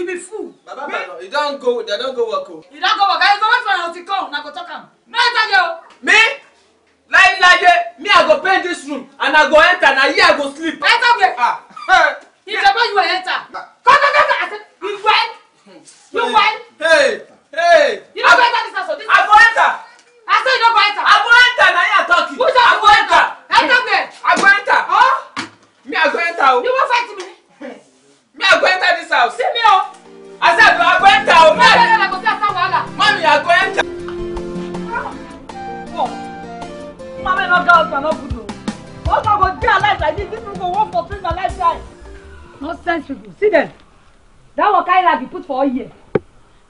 you be fool baba baba you don't go they don't go work oh. you don't go work i go wait for una to come una go talk him. no I there o. me Like láíláyé eh, me i go paint this room and i go enter na here i go sleep. I ah, enter where. ah. he say you wan enter. come come come i say you whine you whine. hey hey. you don't go enter this house o. i go enter. i say you don't go enter. i go enter na here i talk you. who talk you go enter. enter where. i go enter. Huh? me i go enter oh. you wan fight me mi àgọ́ enter this house. sí mi o. àṣàdùn àgọ́ I go mẹ́rin. ọ̀rẹ́ rẹ̀ kò sí àṣà wàhálà. mọ́mí àgọ́ enter. pọ̀ máa bẹ́ẹ̀ lọ́gá ọ̀sán náà kùtù. wọ́n sọ kò dé aláìsàn yìí this people wọ́n for things prison lifetime. nonsense people see them that one kind like he put for all year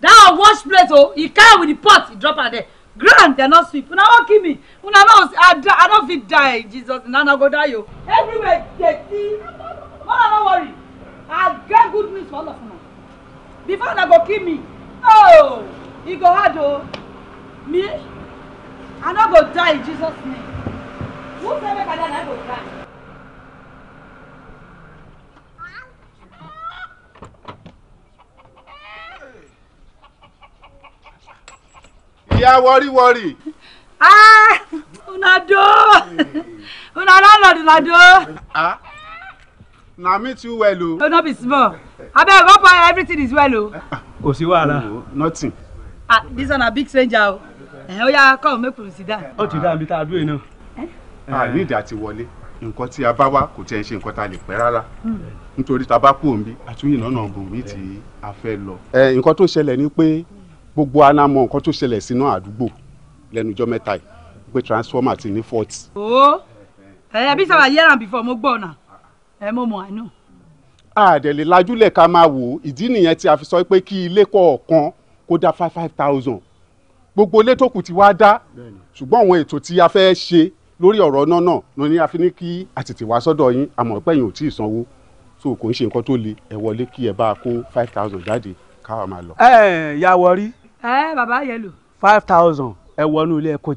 that one wash plate oh, he carry with the pot he drop am there ground dem not sweep una wan kill me una no i I don fit die jesus Nana na go die o. Oh. everywhere dirty. mama no worry I get good news for all of una. Before una go kill me, oh, e go hard Oh, Me, I not go die in Jesus name. Who say me that I go die? Yeah, worry, worry. ah una do una landlord Ah na me too well o. Oh. o no be small abeg go for everything is well o. Oh. kò sí wàhálà. Oh, nothing. ah this one na big stranger o ẹ̀hìn eh, oya come make we sit down. ó ti dáa bí tá a dúró iná. àní ìdá ti wọlé nǹkan tí a bá wá kò tẹ́ ẹ ṣe nǹkan tá a lè pẹ́ rárá hmm. nítorí tá a bá kú òǹbí àtúnyìn náà bòmí tí a fẹ́ lọ. ẹ eh, nǹkan tó ṣẹlẹ̀ ni pé gbogbo aná mọ nǹkan tó ṣẹlẹ̀ sínú àdúgbò lẹ́nujọ́ mẹ́ta yìí pé transformer ti ní fault. ooo ẹ̀ẹ́dẹ́gbẹ́sọ̀ eh, wà yẹ́ràn before mo gbọ́ ọ̀nà ẹ mọ̀ mọ̀ àánú. àdẹ̀lẹ̀ lajúlẹ̀ ká máa wò ìdí nìyẹn tí a fi sọ pé kí ilé kọ̀ọ̀kan kó dá five five thousand gbogbo ilé tó kù ti wá dá ṣùgbọ́n àwọn ètò tí a fẹ́ ṣe lórí ọ̀rọ̀ náà náà ló ní a fi ní kí a wá sọ́dọ̀ yín àmọ́ pé yín ò tí ì sanwó so kò ń ṣe nǹkan tó le ẹ wọlé kí ẹ bá a kó five thousand jáde káwa máa lọ. ẹ ẹ ya wọrí. ẹ bàbá yẹlò. five thousand ẹ wọnú ilé ẹ kó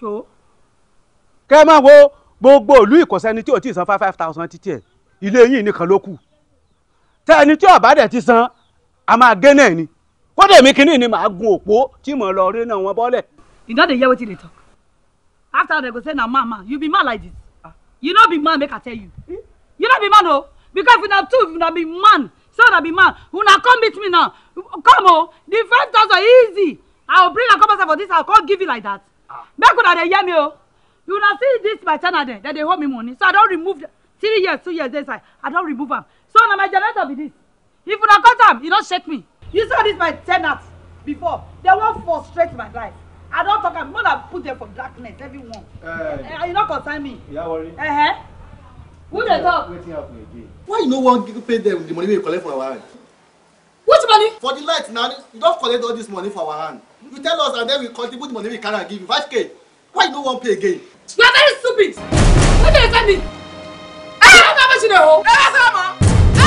so. kẹ́ ẹ máa wo gbogbo ìlú ìkọ̀sẹ́ni tí ò tí san five five thousand títí ẹ̀ ilé yín nìkan ló kù tẹ́ ẹni tí ọ̀bá ti san a máa gé náà ni kódà èmi kìíní ni màá gun òpó tí mò lọ rí náà wọn bọ́lẹ̀. you no dey hear wetin dey talk after dem go say na man man you be man like this ah. you no be man make i tell you you no be man o oh. because if una two if una be man say una be man una come meet me now come o oh. the five thousand easy i go bring am come outside for this house come give you like that ah. make una dey hear me o. Oh you na see this my channel dem dem dey hold me money so i don remove three years two years inside i don remove am so na my generator be this if una cut am e don shake me you saw this my ten ant before dem wan frustrate my life i don talk am more na put dem for darkness everyone uh, eh. e eh, no concern me. Yeah, uh -huh. who dey talk. wetin happen again. why you no wan pay dem the money wey you collect from our hand. which money. for the light na you don collect all this money for our hand you tell us and then we contribute the money we carry and give you five k why you no wan pay again. You are very stupid. What do you tell me? Ah! You don't know what you know. Eh, that's all, mom. Eh?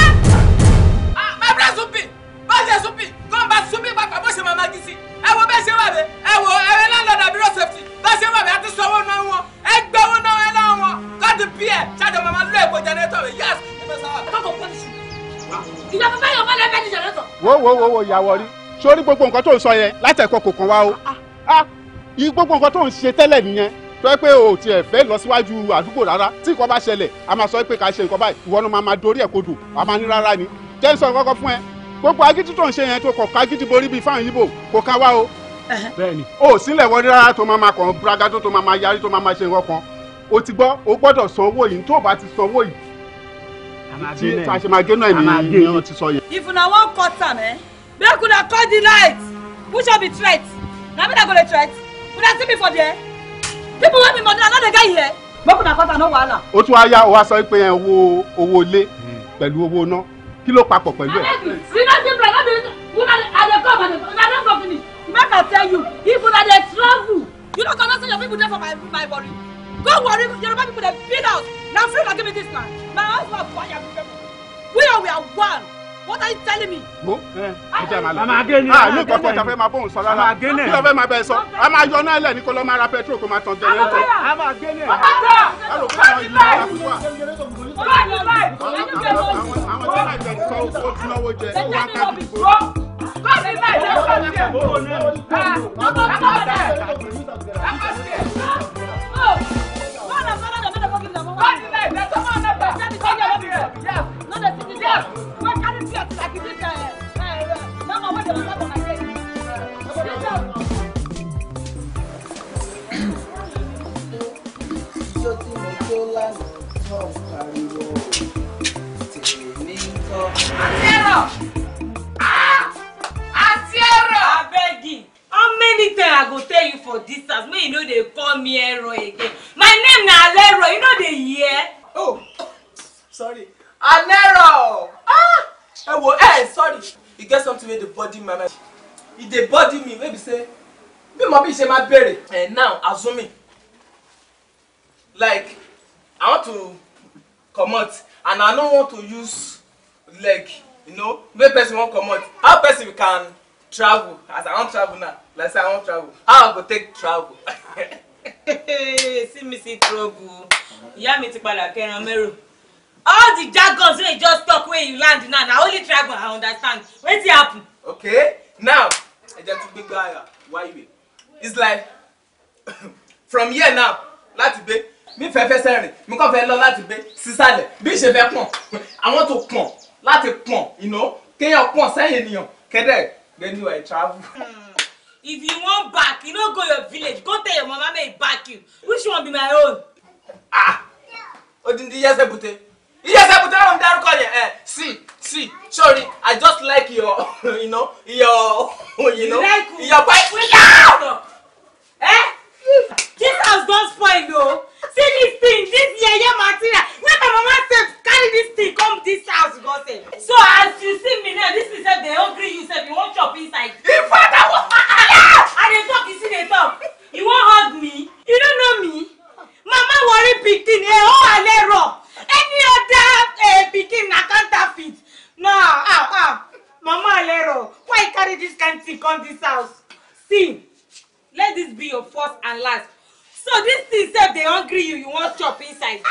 Ah, my brother is stupid. Bá ṣe stupid. Come back stupid back. Bó ṣe mama gisi. Ẹ wo bẹ́ẹ̀ ṣe wà bẹ́ẹ̀. Ẹ wo ẹ̀rẹ́ náà lọ́dà bí road safety. Bá ṣe I bẹ́ẹ̀ àti sanwó náà wọn. Ẹ gbé owó náà ẹ náà one. God the peer. Ṣáàjọ mama lọ èpo jẹnẹrétọ̀ rẹ̀. Yes. Ìjọba fẹ́ yọ̀ fẹ́lẹ́ fẹ́ jẹnẹrétọ̀. Wo wo wo wo ìyàwó rí. Sórí gbogbo nǹkan tó ń sọ yẹn látẹ̀kọ́ kò kàn wá o. Ah. Ah, gbogbo nǹkan tó ń ṣe tẹ́lẹ̀ nìyẹn tó yẹ pé o tiẹ̀ fẹ́ lọ síwájú àdúgbò rárá tí nǹkan bá ṣẹlẹ̀ a máa sọ pé ká ṣe nǹkan báyìí ìwọ ni màá máa dorí ẹ̀ kodò a máa ní rárá ni tẹ́sán kọ́kọ́ fún ẹ gbogbo agídí tó ń ṣe yẹn tó kọ̀ kágídí borí bíi fáwọn yìí bò kò ká wá o. bẹ́ẹ̀ni. o sílẹ̀ wọlé rárá tó máa máa kàn bragado tó máa máa yarí tó máa máa ṣe nǹkan kan o ti gbọ́ o gbọ́dọ̀ san owó yìí tó o bá ti san owó yìí tí a ṣe máa gé náà ni ìyẹn ti sọ yẹn. if una wan cut am eh make una cut the light push up the threat na me na go dey threat una see me for there people wey be money na no dey get here make una cut am no wahala. ó tún wá yá wa sọ pé owó owó ilé pẹ̀lú owó iná kí ló papọ̀ pẹ̀lú ẹ̀. you know say brother be una dey come and una don go finish make i tell you if una dey travel you no go know say your people dey for my my worry go worry yoruba people dey feed us na free give me this land my husband fire we are we are one. What are you telling me? Mo ẹ eh. jẹ́ màá lọ. Màmá gé ni. Ah, a ní ìgbà pọ̀jà fẹ́ máa bóun sọ rárá. Màmá gé ni. Kí fẹ́ máa bẹ sọ? A máa yọ náà lẹ̀ ní kó máa ra pẹtrol kó máa tàn jẹ yẹn tó. A máa gé ni. Bàbá tà. A lò fún àwọn ìlú ara fún wa. Báyìí báyìí, ẹni bẹ́ẹ̀ lọ sí. Àwọn tí wọ́n jẹ nǹkan ó ti náwó jẹ owó akábí kó. Báyìí báyìí, ẹ kọ́ sí ẹ̀. Ọkọ̀ kọ́ sí ẹ̀. Ọkọ̀ sí ẹ̀. Wọ́n náà fọ́nà beer wey carry How many times I go tell you for dis house make you no dey call me Ẹ̀rọ again? My name na Alẹ́rọ̀, you no dey hear? Oh, sorry anero ah ẹ wo ẹ eh, sorry e get something wey dey body my mind e dey body me wey be say bí mo bí ṣe máa béèrè ẹ eh, now azumi like i want to comot and i no want to use leg you know make person wan comot how person can travel as i wan travel now like say i wan travel how i go take travel. see me see trouble ìyá mi ti padà kẹran mẹ́rù all the jargons wey you just talk wey you land now na only dragon i understand wetin happen. okay now ẹja tún gbégbá ara wá it's like from here now láti gbé mi fẹ́ fẹ́ sẹ́rìn mi kàn fẹ́ lọ láti gbé sísàlẹ̀ bí ìṣe fẹ́ pọ̀n àwọn tó pọ̀n láti pọ̀n ìná kéèyàn pọ̀n sẹ́yìn ènìyàn kẹ́dẹ̀ gbẹ́ni wà travel. if you wan back you no go your village go tell your mama make e back you which one be my own. ah odindi yẹsẹ bute Yes, iye sẹ́kù tí wọ́n dárúkọ yẹn Eh, see, see. sorry i just like your you know your you know your bible. Eh? This house don spoil o. See this thing, this yeye material. When my mama sef carry this thing come this house, you go say. So as you see me now, this thing sef dey hungry you sef, you wan chop inside. In fact, I wan. I dey talk, you see dey talk. You wan hug me? You no know me? Mama worry pikin, eh, oh, I let rock any other uh, pikin na counterfeit no ah ah mama alero why carry this kind thing come this house see let this be your first and last so this thing sef dey hungry you you wan chop inside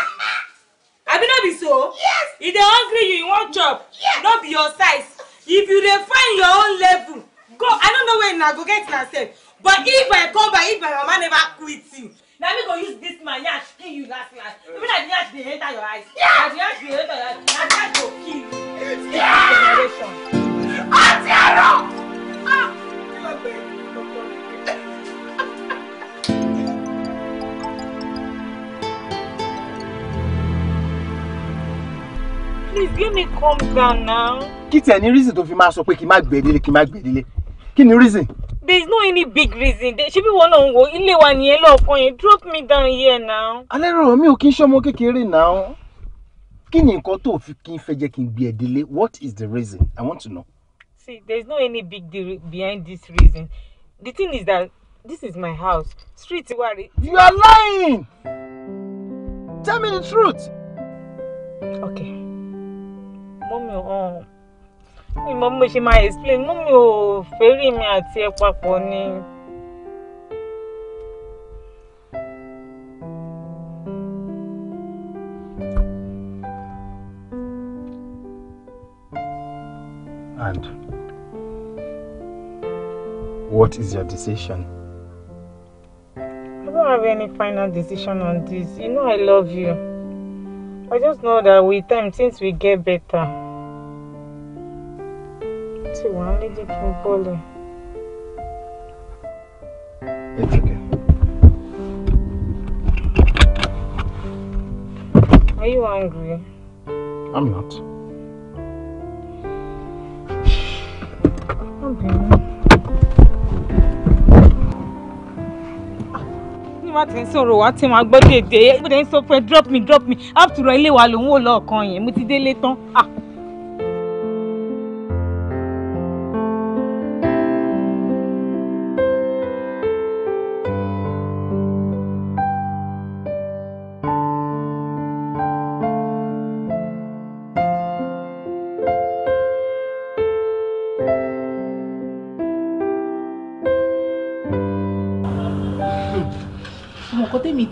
abi no be so yes e dey hungry you you wan chop yes. no be your size if you dey find your own level go i no know where una go get una sef but if i come back if my mama never quit you na me go use this man yansh kill you last night. Eh. even na the yansh dey enter your eyes na the yansh dey enter your eyes na the go kill you next generation. ọtí ah! Please give me calm down now. kí tiẹ̀ ní reason tó fi máa sọ pé kí n má gbẹ̀dílé kí n má gbẹ̀dílé kí ni reason. There is no any big reason ṣé bí wọn náà ń wo ilé wa nìyẹn lọ́ọ̀kan yẹn drop me down here now. alẹ́ rọrùn mi ò kí ń ṣọmọ kékeré náà kí ni nǹkan tó fi kí n fẹ́ jẹ́ kí n what is the reason i want to know. see there is no any big deal behind this reason the thing is that this is my house street wari. you are lying tell me the truth. okay Mommy, ọ̀hún. Um, ìmọ̀ bí mo ṣe máa explain mú mi ò fẹ́rí mi àti ẹ papọ̀ ni. And what is your decision? I don't have any final decision on this. You know I love you. I just know that with time things will get better sì wà ń lédè kí n bọ́lẹ̀. It's Are you angry? I'm not. Okay. má ti ń sọ̀rọ̀ wá tí màá gbọ́ dèdè ẹ̀ ẹ̀ ń sọ fún drop me drop me after all ilé wa lòun ò lọ́ọ̀kan yẹn mo ti délé tán. Ah.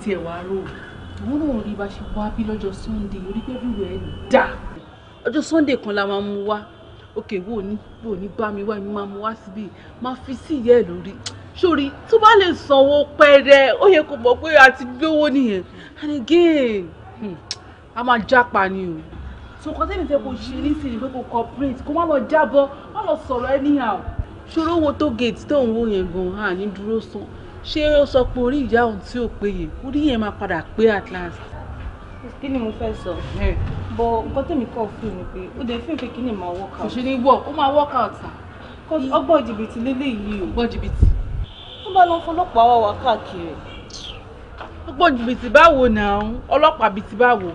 tiẹ̀ wá rò àwọn náà rí bá ṣe wá bí lọ́jọ́ sunday orí pé rúwẹ̀ ẹ̀ dà ọjọ́ sunday kan la máa mú wá òkè wo ni wo ni bá mi wá mi máa mú wá síbí máa fi sí ìyá ẹ̀ lórí sórí tó bá lè sanwó pẹ́ẹ́rẹ́ ó yẹ kó mọ̀ pé a ti gbówó nìyẹn and again hmm, a máa jápa ni o sọkọ tẹ́mi fẹ́ kó ṣe nísìnyí pé kó cooperate kó má lọ jábọ́ má lọ sọ̀rọ̀ anyhow ṣòro wo tó gate tó ń wò yẹn gan-an ní dúró san ṣé ó sọ pé orí ìyá òun tí ò péye orí yẹn máa padà pé at last. kí ni mo fẹ́ sọ bọ nǹkan tèmi kọ́ fún mi pé ó dé fún pé kí ni máa work out. kò ṣe ní work ó máa work out ta. ọgbọ́n jìbìtì lélẹ́yìí o. ọgbọ́n jìbìtì. wọ́n bá lọ fún ọlọ́pàá wà wá káàkiri. ọgbọ́n jìbìtì báwo náà ọlọ́pàá bìtì báwo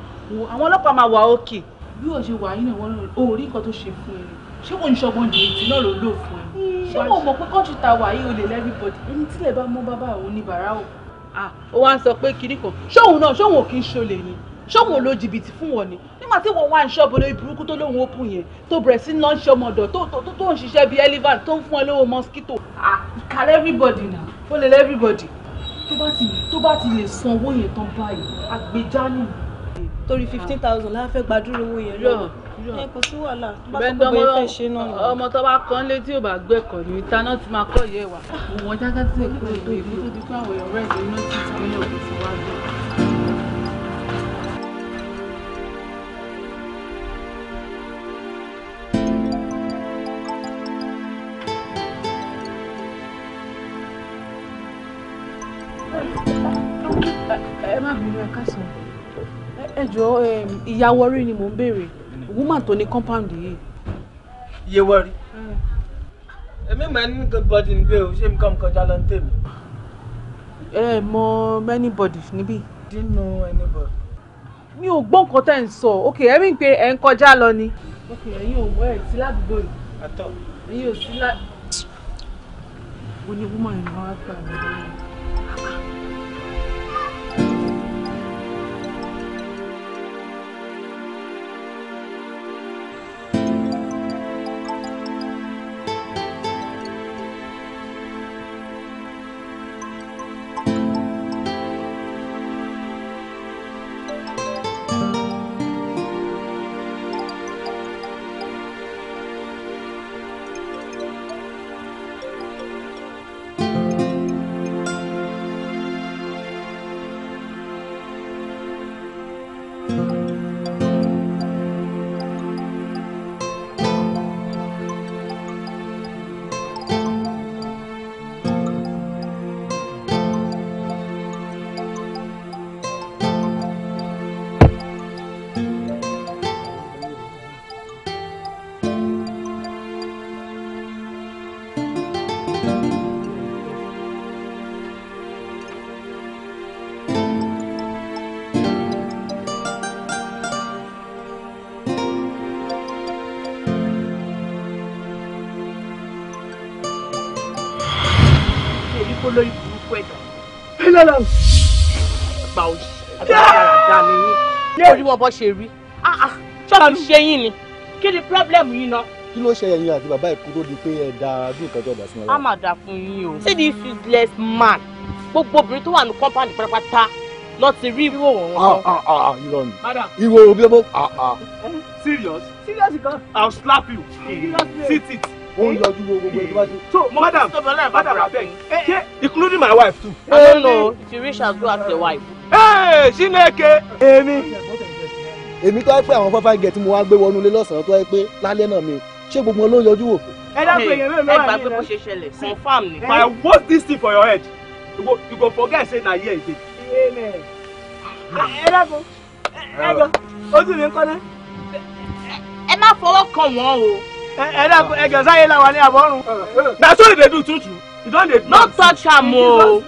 àwọn ọlọ́pàá máa wà ókè. bí o ṣe wà yín náà wọ́n ò rí nǹkan tó ṣe fún ẹ ṣé kò ń ṣọgbọ́n jìbìtì náà ló lò fún ẹ ṣé mo mọ̀ pé kọ́ńtù ta wà yìí ò lè lẹ́rìbọ̀dì ẹni tílẹ̀ bá mọ́ bàbá òun ni bàrá o. ó wá ń sọ pé kinní kan ṣóun náà ṣóun ò kí ń ṣolè ni ṣóun ò lo jìbìtì fún wọn ni nígbà tí wọn wá ń ṣọ́ọ̀bù lórí burúkú tó lóun ó pùn yẹn tó bẹ̀rẹ̀ sí náà ń ṣe ọmọ ọ̀dọ̀ tó ń ṣiṣẹ́ bíi elephant tó ń fún ẹ lówó mosquito. ìkàlẹ̀ everybody náà ó lè lẹ́ everybody tó bá ti lè san owó yẹn tán báyìí fifteen thousand la fẹ́ gbàdúrà owó yẹn lọ́wọ́ ẹ kò sí wàhálà bá tó bẹ fẹ́ ṣe ọmọ tó bá kọ́ nílé tí ò bá gbé ẹ̀kọ́ ní ìta náà ti máa kọ́ ìyá ẹ̀wà. òun ọjà kẹ́tì èkó ìlú ìlú tó ti tó àwọn ọ̀rẹ́ ìlú náà ti ìpínlẹ̀ Ògùn ti wá gbé. ẹ má bínú ẹ ká sàn ẹ jọ ìyàwó rí ni mò ń béèrè woman tó ní compound yìí. iye wọrí èmi máa ní bọ́dì níbẹ̀ o ṣé nǹkan kọjá lọ ní tèmi. ẹ ẹ mọ many body níbí. dínú ẹni bọ̀. mi ò gbọ́ nǹkan tẹ́ ń sọ ok ẹ mi pé ẹ ń kọjá lọ ni. ok ẹ̀yin ò wọ ẹ̀ sí ládùúgbò yìí. àtọ. ẹ̀yin ò sí ládùúgbò. o ní woman yìí máa wá gbà mí lọ́wọ́. lọ. àgbà òsì àgbà mi ah! ní orí wọ́bọ̀ ṣe rí ah, ah, ṣọ́ọ̀bù ṣe yín ni kí ni pírọ́blẹ̀mù yín náà. kí ló ṣe ẹ̀yin àti bàbá ìkú tó di pé ẹ da bí nǹkan tó dà sí wọn. a máa dà fún yín o. see this useless man gbogbo obìnrin tó wà ní kọ́ńpáàdì pátápátá lọ ti rí ìwé wọn. irọ́ ni ìwé òun bí serious serious gan. i will slap you sit it ó ń yọjú gbogbo ẹ̀ tó bá ti. so madam madam abeg eh, ṣe eh. including my wife too. i don't know you reach out go ask your wife. ee Chineke. èmi èmi tó wá pé àwọn fáfá gẹ̀ tí mo wá gbé wọnú ilé lọ́sàn-án tó wá pé lálẹ́ náà mi ṣé gbogbo wọn ló ń yọjú wò. ẹ dábò èèyàn mélòó wà ní ìlànà ẹ gbàgbé bó ṣe ṣẹlẹ̀ confam ni. I watch this thing for your head you go, you go forget say na here e dey. Ah. ẹ dábò ẹ jọ ojú mi ń kọ́ náà. ẹ má fọwọ́ kàn wọ́n o ẹ dàpọ̀ ẹgẹ̀ sáyé làwọn ní àbọ̀rùn. na so dey dey do tutu you don dey do. no touch am o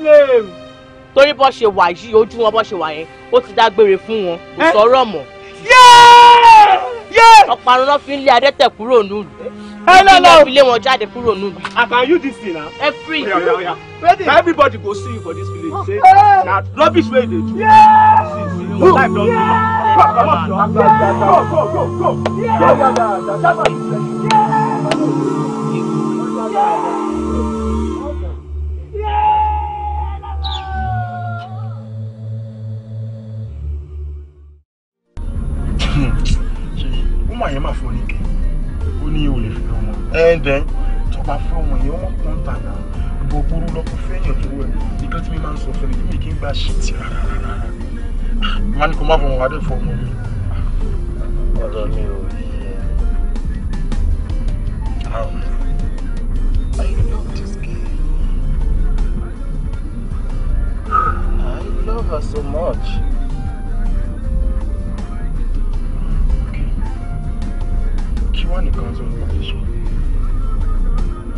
torí bó ṣe wà yìí ojú wọn bó ṣe wà yẹn ó ti dágbére fún wọn kò sọ̀rọ̀ mọ́. ọ̀parun náà fi ń lé adẹ́tẹ̀ kúrò nílùú ẹ lọ lọ ilé wọn jáde kúrò nílùú. àkàn udc na. ẹ free. oya oya oya ready everybody go see you for this village say na rubbish wey you dey do. your life don dey. go go go go go. Yeah. Yeah. Yeah. Yeah. Yeah. Hmm. woman yẹn máa fi and then tó bá fẹ́ ọmọ yẹn wọ́n kún tà náà bọ̀ gbóró lọ fún fẹ́yàn tó wẹ̀ nígbà tí mi máa ń sọ fún mi mi kì í gba ṣì tì rárá rárá máa ní kó má fọ ọmọ I love this girl. I love her so much. Okay. wàá nìkan sọ ní ìṣòro.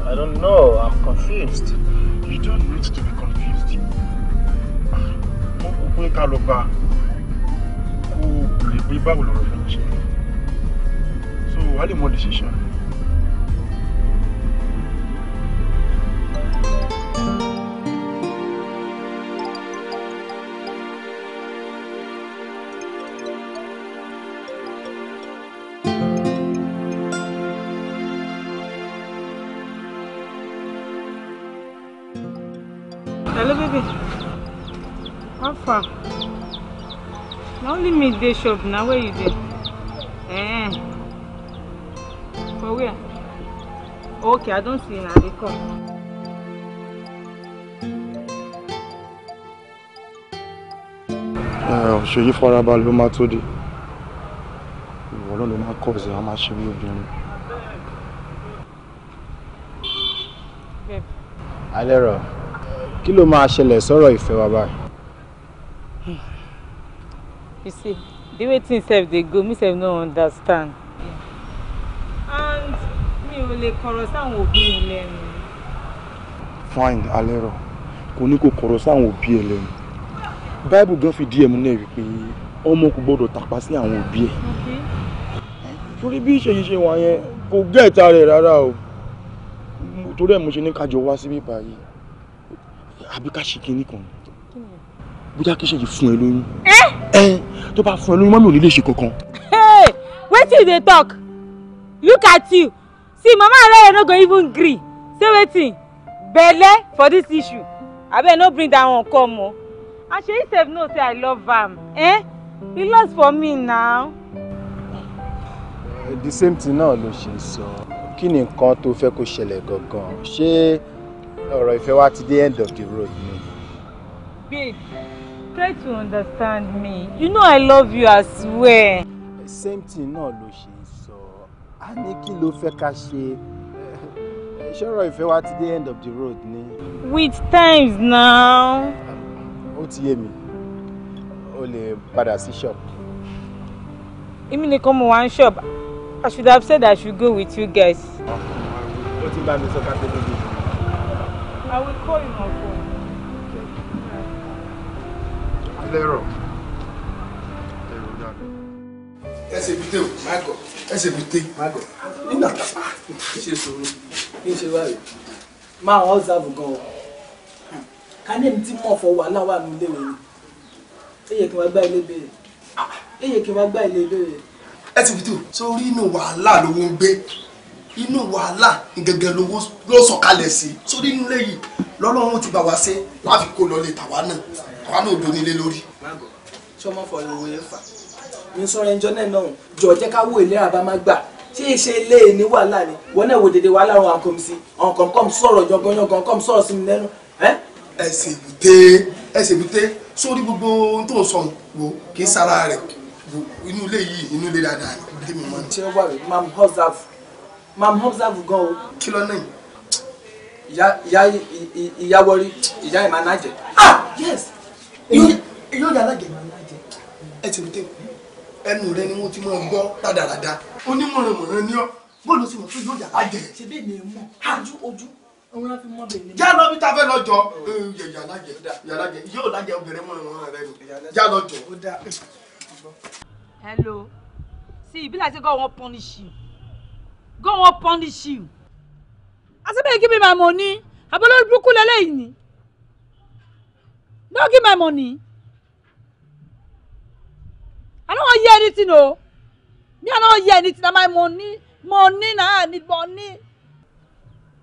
I don't know. I'm confused. You don't need to be confused. Ah, mo kò pé ká lọ So what lè mọ decision. far na only me dey shop na where you dey eh for where okay i don't see una dey come. Eh, ṣèyí farabalẹ̀ ó máa tó dé ìwọ ló ló máa kọ́ ọ̀sẹ̀ a máa ṣe bí obìnrin. alẹ́ rọ̀ kí ló máa ṣẹlẹ̀ sọ́rọ̀ ìfẹ́ wa báyìí you see the way things have they go me sef no understand and me, ò lè will be òbí fine alẹ́rọ̀ kò ní kó kọ̀rọ̀ sáwọn Bible ẹ lẹ́nu báìbù gan fi díẹ̀ múlẹ̀ wípé ọmọ kò gbọ́dọ̀ tàpá sí àwọn òbí ẹ̀ torí bí ìṣẹ̀yìn ṣe wà yẹn kò gẹ́ẹ̀ta rẹ̀ rárá o torí ẹ̀ mo ṣe ní wa si síbí báyìí àbí ká ṣe kinní kan bóyá kí ṣèyí fún ẹ lóyún. ẹ eh? ẹ eh? tó bá fún ẹ lóyún mọ́mí ò ní lè ṣe kankan. hey wetin you dey talk look at you see mama alaye no go even gree say wetin belle for this issue abeg no bring dat one come o and shey sef know say i love am eh he lost for me now. Eh, the same thing náà ló ṣe sọ kí ni nǹkan tó fẹ́ kó ṣẹlẹ̀ gangan ṣé ọ̀rọ̀ ìfẹ́ wa ti dé end of the road ni. babe try to understand me you know i love you as well. same thing náà ló ṣe sọ a ní kí ló fẹ́ ká ṣe ṣọ́rọ̀ ìfẹ́ wa ti end of the road ni. with times now. ó ti yé mi o le padà sí shop. èmi nìkan come wá ń shop i should have said i should go with you guys. ó ti bá mi sọ ká i will call you now. lẹ́rọ̀ ẹ̀rọ dànù. ẹsẹ̀ bìtẹ o magọ ẹsẹ̀ bìtẹ magọ nígbà tá a ṣe sọ̀rọ̀ bí n ṣe wáyé máa ọ̀ ṣàbù gan o ká ní èmi tí mọ̀ fọ wàhálà wà ní iléèwé ni èyẹ kí n wá gbá ilé béèrè èyẹ kí n wá gbá ilé béèrè. ẹ ti bìtẹ o sórí inú wàhálà lówó ń gbé inú wàhálà gẹ́gẹ́ lówó ló sọ̀kalẹ̀ sí sórí inú lẹ́yìn lọ́lọ́run ti bá wa ṣe láfi kó lọ tàwa náà wọn náà dún nílé lórí. sọmọ fọlọ wo yẹn fà ní sọ̀rọ̀ ẹjọ́ náà náà jọ jẹ́ ká wò ìlera bá má gbà tí ìṣe ilé ní wàhálà ni wọn náà wò dédé wàhálà wọn àkọmísí àwọn kan kọ́ sọ̀rọ̀ jọgán yọgán kọ́ sọ̀rọ̀ sí mi lẹ́nu. ẹsẹ̀ ìbùté ẹsẹ̀ sórí gbogbo ohun tó sọ wò kì í sara rẹ̀ inú ilé yìí inú ilé dáadáa ni bí mi mọ́ ṣé wà wí mam observe mam observe gan o. kí lọ náà. ìyá ìyá ìyá wọrí ìyá ìmánájẹ. ah yes yóò dá alájẹ ẹ tèmi tèmi ẹnu rẹ ni wọn ti máa gbọ́ rádaràda onímọ̀rànmọ̀ràn ni ọ bóòlù sì mọ̀ pé yóò dá alájẹ. ṣe bẹ́ẹ̀ ni mọ ojú ojú àwọn láti mọ bẹ́ẹ̀ ni. já lọ bí ta fẹ́ lọ jọ yàrá lájẹ yóò lájẹ obìnrin mọ̀rànmọ̀ràn rẹ ni já lọ jọ. hello see e like say God wan punish you God wan punish you. àṣẹ bẹ́ẹ̀ give me my money àbọ̀lọ́ burúkú lẹ́lẹ́yìn ni no give my money i no wan hear anything o oh. me i no hear anything na my money money na i need money.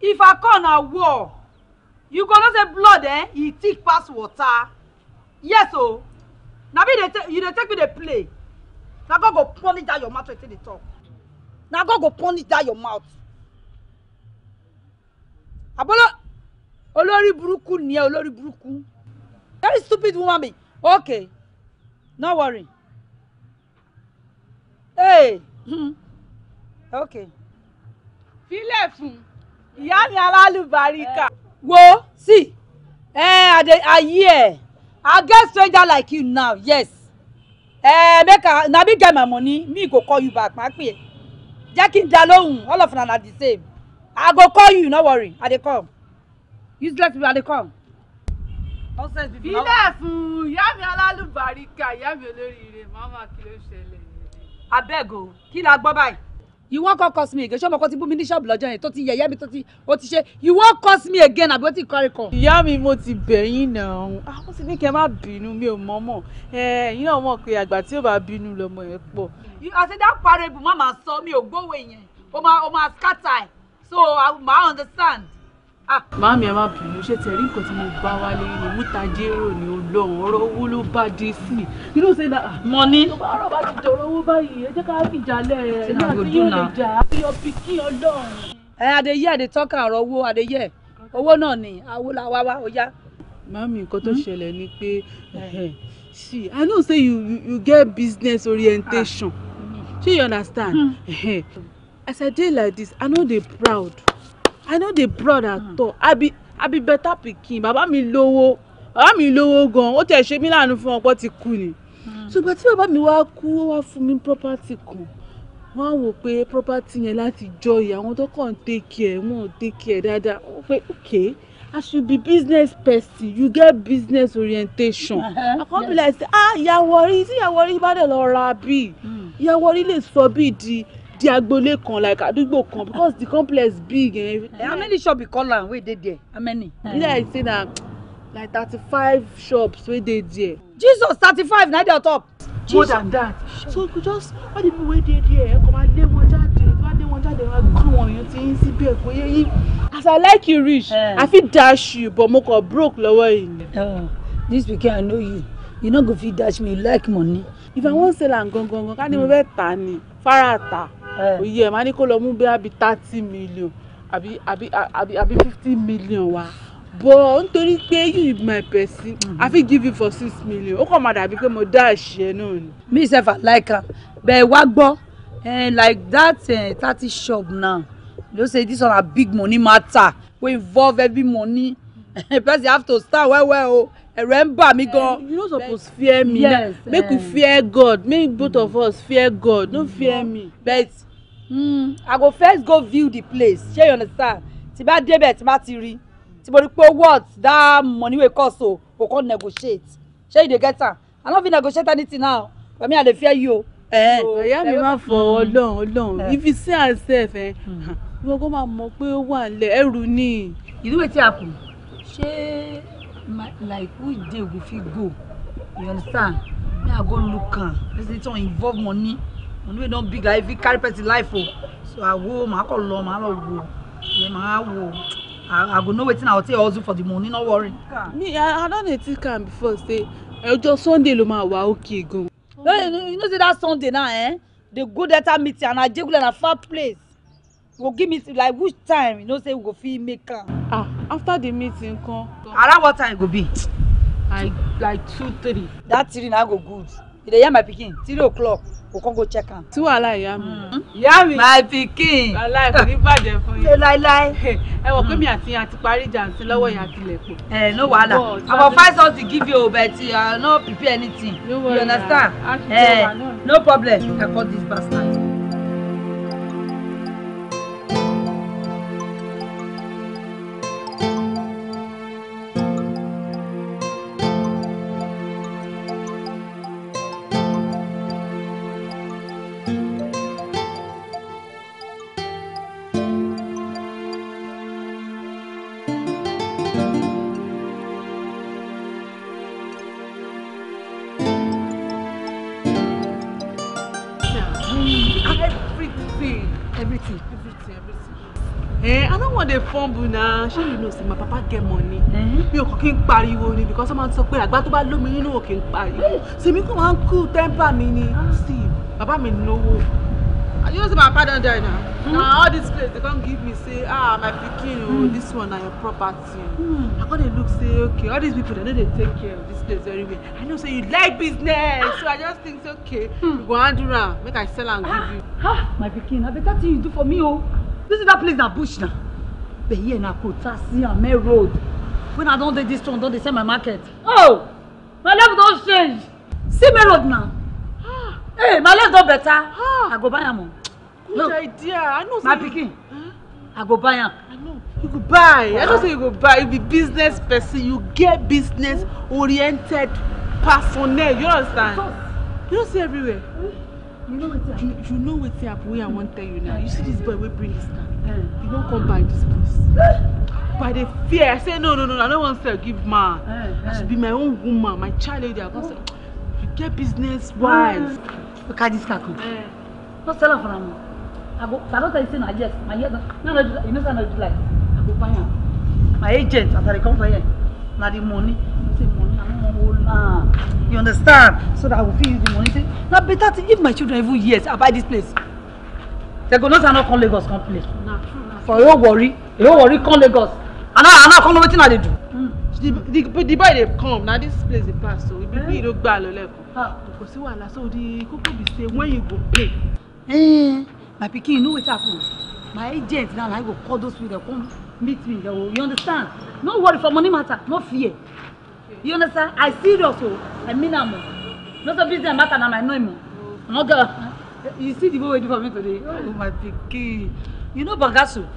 if i call na war you go know say blood eh e thick pass water yes o oh. na me dey take you dey take me dey play na god go punish that your mouth wey you take dey talk na god go punish that your mouth abolo olórí burúkú nìyẹn olori buruku. E, Very stupid woman be. Okay. No worry. Hey. Okay. Fílẹ̀ fún ìyá mi barika. Eh. Wo sí eh, I, dey, I hear I get stranger like you now yes eh, make I na me get my money me go call you back ma pe e. jẹ́ kí n dá lóhùn all of una na the same I go call you no worry I dey come useless people I dey come ilé fún ìyá mi alálùbáríkà ìyá mi olóríire màmá kí ló ṣẹlẹ̀ abeg o kí la gbọ́ báyìí. you wan come curse me again ṣé ọmọ kan ti bú mi ní ṣọ́ọ̀bù lọ́jọ́ yẹn tó ti yẹ̀yẹ́ mi tó ti ó ti ṣe you wan curse me again àbí ó ti kọ́ ẹ̀kọ́. ìyá mi mo ti bẹ̀yìn náà àwọn ah, sì ní kẹ́ má bínú mi ò mọ́mọ́ ẹ̀yin náà mọ̀ pé àgbà tí ò bá bínú lọ́mọ ẹ̀ pọ̀. àṣẹdá parẹ́ ibùmọ̀ máa sọ mi ò gbówó yẹn o máa scatter so I máa understand. Ah, màámi ẹ má bínú ṣé tẹ̀rí nǹkan tí mo bá wálé ni múta jérò ni olóhùn ọ̀rọ̀ owó ló bá dé sí i inú ṣe na mọ́ni. ọ̀rọ̀ bá ti dọ̀rọ̀ owó báyìí ẹ jẹ́ ká fìjàlẹ̀ ẹ̀ náà tí yóò lè jà á fi ọbí kí ọlọ́run. ẹ adeyé adetọ́ka ọ̀rọ̀ owó adeyé owó náà ni awo la wá wá ó yá. màámi nǹkan tó hmm? ṣẹlẹ̀ ni pé see i know say you you, get business orientation shey ah. you understand hmm. as i dey like this i no dey proud i no dey proud at hmm. all i be i be better pikin bàbá mi lówó bàbá mi lówó gan ó tẹ̀ ṣe mí láàánú fún ọ̀pọ̀ ti kú ni ṣùgbọ́n hmm. tí bàbá mi wá kú ó wá fún mi property kan wọ́n á wò pé property yẹn láti jọ ìyá àwọn tó kàn take care wọn ò take care dáadáa wọ́n pé okay i should be business person you get business orientation i come be like say ah ìyàwó rí tí ìyàwó rí bá dẹ̀ lọ ra bíi hmm. ìyàwó rí lè sọ bíi di di agbole kan like àdúgbò kan because the complex big eh. how mm. many shop you call am wey dey there how many. be like say na like thirty-five shops wey dey there. jesus thirty-five na dey on top. more than that so you just all the people wey dey there ẹ kò máa lé wọn jáde máa lé wọn jáde máa gbé You èèyàn ti yín síbẹ̀ kò yẹ yí. as i like you reach eh. i fit dash you but mo kàn broke lọ́wọ́ yìí. Eh, this weekend i know you you no go fit dash me you like money. if i wan sell am gangan gan ká ní mo fẹ́ tà ni fara Eh. oyè ẹ̀ máa ní kó lọ mú bí abi thirty million abi abi abi abi fifty million wá bọ̀ nítorí pé you be my person mm-hmm. i fit give you for six million ó kàn máa dàbí pé mo dá àṣìṣe náà ni. me sef i like am bẹ́ẹ̀ wá gbọ́ eh, like that eh, thirty shop now you know say this one na big money matter wey involve every money person have to start well well o oh. ẹ̀rẹ̀ ń bà mí gan. you no suppose fear me yes, make um, we fear God make both of us fear God no fear mm-hmm. me. but mm, i go first go view the place ṣé you understand tí bá débẹ̀ tí bá ti rí tí mo rí pé what that money wey cost o go come negotiate ṣé you dey get am i no fit negotiate anything now but me i dey fear you o. ẹ ọ̀yá mi máa fọ ọlọ́run ọlọ́run hmm. if you see yourself, ẹ eh, hmm. ìwọ kó máa mọ pé ó wà lẹ ẹrù ni. ìlú wetin happen ṣé like which day we fit go you understand me i go look am reason to involve money òun wey don big i fit carry person life so i go ma kọ lọ ma lọ wo ye ma wo i go know wetin i go take hustle for the money no worry. me i don dey think am before say eh, ọjọ́ sunday ló máa wà okay gan. you know say that sunday now eh, dey go delta meeting and ajegule na far place go give me like which time you know say we go fit make am. ah after the meeting kan. around what time e go be. Like like two three. that three na go good you dey hear my pikin three o'clock kò kọ́ go check am. tí wàhálà ìyá mi. Hmm. ìyá mi my pikin. wàhálà kò ní bàjẹ́ fún yín. ṣe láéláé. ẹ wọ pé hmm. mi àti yín àti parí jàǹtí lọ́wọ́ ìyá tilẹ̀ pọ̀. ẹ no wahala our five to give you but you uh, no prepare anything you understand eh, no problem i call this bastard. possible na ṣé you know say my papa get money mhm. mi ò kàn kí n pariwo ni because ọmọ ti sọ pé àgbà tó bá lómi nínú òkè ń pariwo sèmi kò máa ń kú temper mi ni ah, steve bàbá mi lówó ah, you know say my papa don die now mm na all this place dey come give me say ah my pikin o oh, hmm. this one na your property mm. i come dey look say okay all these people dem no dey take care of this place very well i know say you like business so i just think say okay mm. we go handle am make i sell am give ah, you. ah my pikin na better thing you do for me o this is that place na bush na. But here na on main road. When I don't do this one, don't they sell my market? Oh! My life don't change. See main road now. Ah! hey, my life don better. Ah! I go buy am. Good Look, idea. I know my picking. Huh? I go buy am. I know. You go buy. Wow. I know say you go buy. You be business person. You get business oriented personnel. You understand? You don't see everywhere. Mm you know wetin happen. you know wetin happen wey i wan tell you now you see this boy wey bring this car eh. he won't come buy this place by the fear i say no no no i don't want to give ma eh, eh. i should be my own woman my child lady i go sell you get business ah. wise. you carry this car come no sell am for am i go i don't tell you say na yes my yes no no do you know what i do like i go buy am my agent after i come for here na the money Mola. You understand? So that I will fit use the money. Now better to if my children even years. I buy this place. They go not and not come Lagos come play. Nah, true, For your worry, your worry come Lagos. And now, and now come wetin I dey do. Mm. The, the, the boy they come Now this place they pass so we bí ìlú gbà lọ lẹ́kọ̀ọ́. Ah. Kò sí so the koko be say when you go pay. Eh, my pikin you know wetin happen. My agent now na go call those people come meet me. They will, you understand? No worry for money matter, no fear. You understand? I serious, oh. I mean, I'm oh. not a business matter, and I know him. I'm not gonna. You see the boy you do for me today. Oh, my pikin. You know bagasso?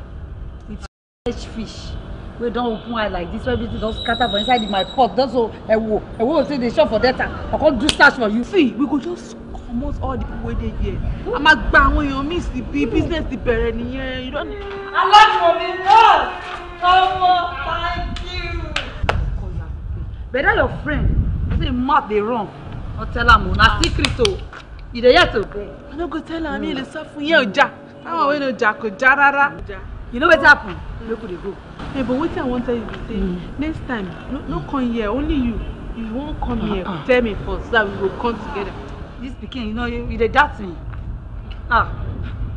It's fresh fish. We don't open eye like this. Everything just scatter for inside my pot. That's so ewo. Ewo say they shop for that time. I can't do search for you. See, we could just almost all the people wey dey I'm A bang when you miss the sí business the bẹ̀rẹ̀ nìyẹn. You don't. I love for me Love. Come on, thank you but that your friend say mouth dey run no tell am o na secret o you dey hear so. i no go tell am mi le sọ fún yẹn ọjà táwọn wey no jà kò já rárá you know wetin happen make we dey go. Hey, but wetin i wan tell you be say mm. next time no, no come here only you you wan come here uh -uh. tell me first so that we go come together. this pikin you know you dey doubt me ah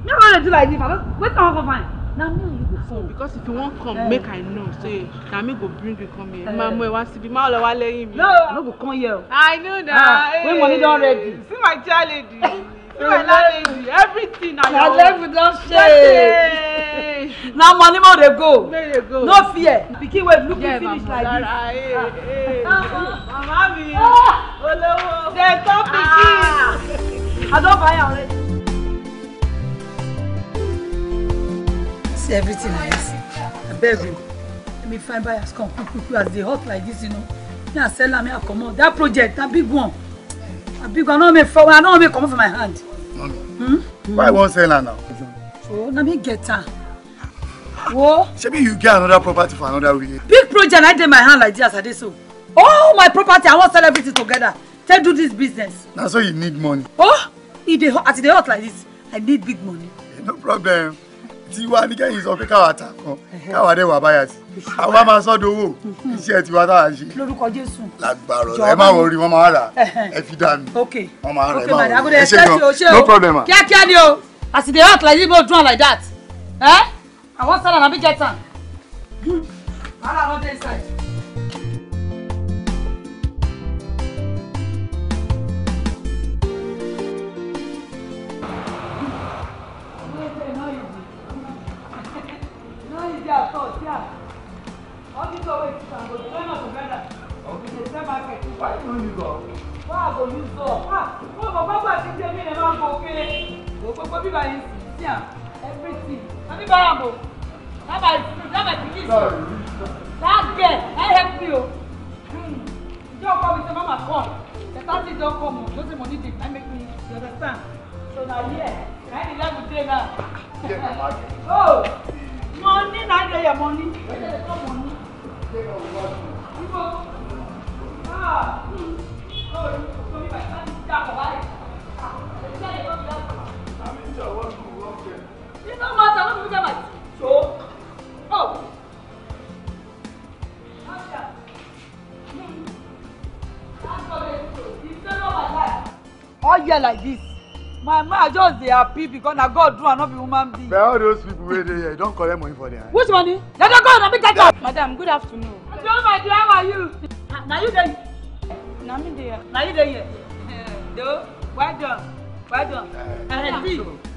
me i wan dey do like this i don wetin i wan go find na me you go come because if you wan come uh, make i know say na me go bring you come here ma eh. mo ẹ wá síbi má lọ wá lẹ́yìn mi. no i no go come here i know na. ah hey, when money don eh, ready. see my child lady see my land lady everything na your own. na level don change. na money mo dey go. dey go. no fear. pikin wey look me finish like this. Eh, ah. Ah. mama mi ah. olówó. dey talk pikin. i don buy am already. see everything I see. I beg you. Let me find buyers come quick, quick, quick as they hot like this, you know. Now sell me I come out. That project, that big one. A big one, I don't make I don't make come for my hand. Mommy, hmm? why won't sell her now? So, let me get her. Whoa. Maybe you get another property for another way. Big project, I did my hand like this, I did so. All my property, I want sell everything together. Tell do this business. Now, so you need money. Oh, if the hot, e hot like this, I need big money. No problem tiwa ní kẹ́yìn sọ pé káwa ta kan káwa dẹ̀ wà báyà sí àwa máa sọ́dọ̀ owó iṣẹ́ tiwa tá a ṣe. lórúkọ jésù. lágbára ọ̀la ẹ máa wọ orí wọn máa rà ẹ fi dá mi wọn máa rà ẹ máa wọ ẹ ṣe gan no problem. kíákíá ni o as e dey hot like this no do am like that. Eh? i wan sell am abi get wàhálà no dey inside. bí báyìí sì sí à everything àbí bára bò dábà ìdúró dábà ìdílé ìṣó dáàgẹ ẹ help me Hmm. Don't call me to mama call The taxi don't come Don't say money dey i make me you understand so na here I need that like to dey oh money na get your money wey dey come money ibo ah hmm oh so if i stand there for why ah i dey tell you no be that. So? Oh. All year like this, my man just dey happy because na God do am no be human being. all those people wey dey here, don collect money for them. hand. Which money? Na don go na me get am. Madam, good afternoon. Hello my dear, how are you? Na you dey? Na me dey here. Na you dey here? Though, well done well done ehn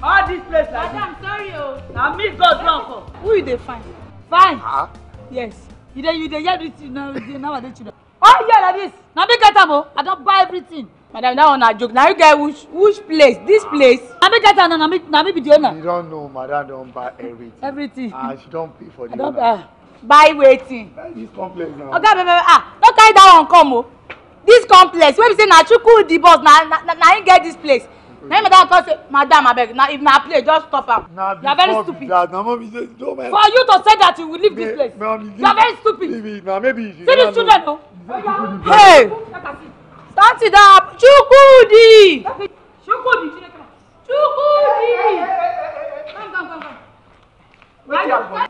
all dis place like madam sorry oh, na me god run for who you dey find find yes you dey you dey yell dis thing now they children Oh, year like this Now me get am o i don't buy everything madam now on a joke Now you get which which place this ah. place Now me get am Now me now me be the owner. you don't know madam Don't buy everything everything and ah, she don't pay for the owner. Uh, buy wetin. buy this complex now. oga okay, bebe ah Don't carry that one come oh. this complex wey be say na cool the boss now, now na him get this place Now, him don come say madam abeg na if na play just stop am you are very stupid that, na for you to say that you will leave this place you are very stupid na maybe see these children no? Oh. hey stand it up Chukudi, Chukudi. chukwudi.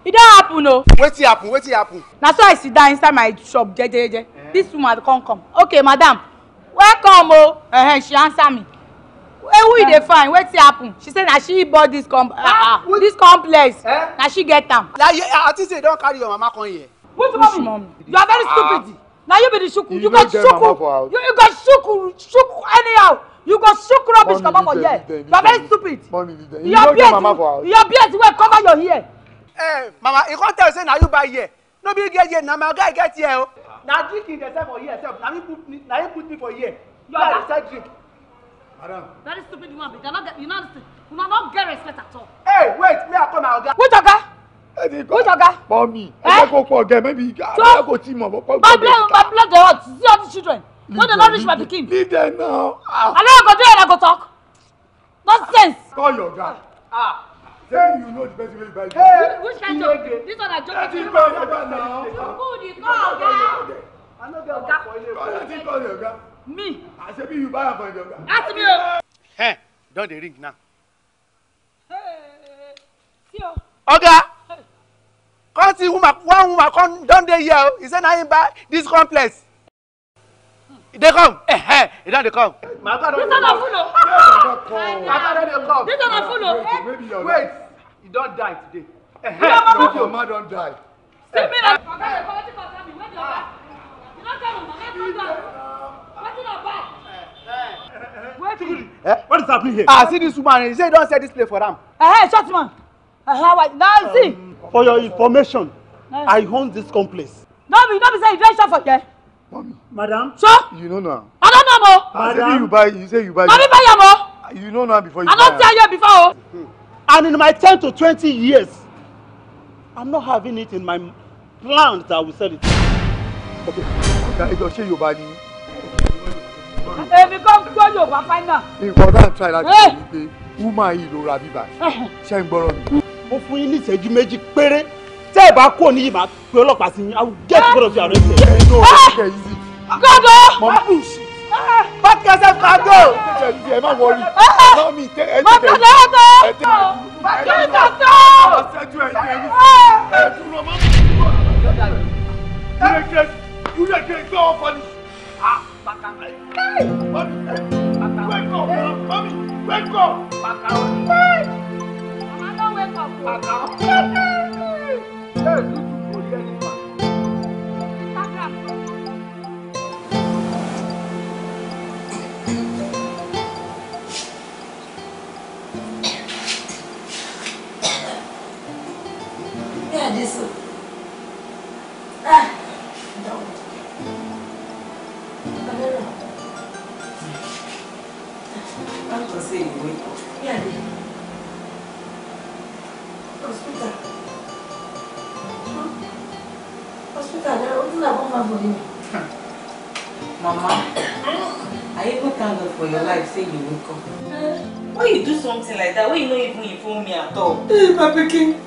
e don happen What's oh. wetin happen What's wetin happen. Now, so i sit down inside my shop jejeje eh. this woman can't come okay madam welcome oh. uh -huh, she answer me Eh, who you dey eh. find wetin happen she say na she bought this com ah ah dis ah, complex eh? na she get am. I àti say you don carry your mama come here. which mummy you are very ah. stupid na you be the shuku you go shuku you go shuku shuku anyhow you go shook rubbish comot for here you are very stupid You your beard your beard wey cover your hair. eh mama you come tell me say na you buy here no be get here na my guy get here o. Oh. na drink he dey sell for here sef na him put me for here you are the side drink. Madam. Very stupid woman, but you're not, you're not, you might not get respect at all. Hey, wait, me I come out. Which oga? Which oga? Mommy. Eh? I go call again, maybe I go team up. But blame, but blame the what? See all the children. Leave no, they not reach my pikin. Leave them now. Ah. I know I go do it, I go talk. Nonsense. Call your guy. Ah. ah. Then you know the best way to buy Hey, which kind of This one I joke. Let him call your guy now. You good, you call your guy. I know they are ah. for you. Let him call your guy me. I àṣẹ bí yorùbá yà fún ìjọba. ask me oh. Hey, ẹ don ring now. Hey, Okay. Oh. come see who woman one woman come don dey here o oh. he say na him buy dis complex e dey come eh eh e don dey come. my papa This dey come my papa don dey come this one na full o. wait e don't die today. eh eh no be your mother don't die. see me na. Eh. oga your quality concern me wey dey oga you don tell me mama don die. Eh? What is happening here? Ah, see this woman. He said, "Don't don set this place for am. Eh, shut man. Uh-huh, eh, now see. Um, for your information, uh, I own this complex. No be no be say you don shop for there. Mommy. Madam. So. You know now. I don't know more. Ah, o. Madam. say you buy you say you buy. Mommy buy am o. Ah, you know now before you I buy I don tell you before oh. hmm. And in my ten to twenty years, I'm not having it in my plans that I will sell it. Okay. okay, Ọ̀gá don't ṣé Yorùbá ni? èmi kò gbọ́ yorùbá fáínà. nǹkan náà try láti ṣe wípé wúmà yìí ló ra bíbá ṣe ń gbọ́rọ̀ mi. mo fún yín ní ìṣẹ́jú méjì péré tẹ́ ẹ̀ bá kò ní yìí máa pe ọlọ́pàá sí yín i will get rid of you arrested. ẹ ní òun ṣe yìí. gọ́dọ̀. mọ push. back yourself and ẹ má wọrí. mọ́mí tẹ ẹ ẹ Wake Wake Wake Wake wake Wake up, up, up, up, up, up! family. Mama, I even thank God for your life, say you wake up. Why you do something like that? Why you not even inform me at all? Hey, my picking.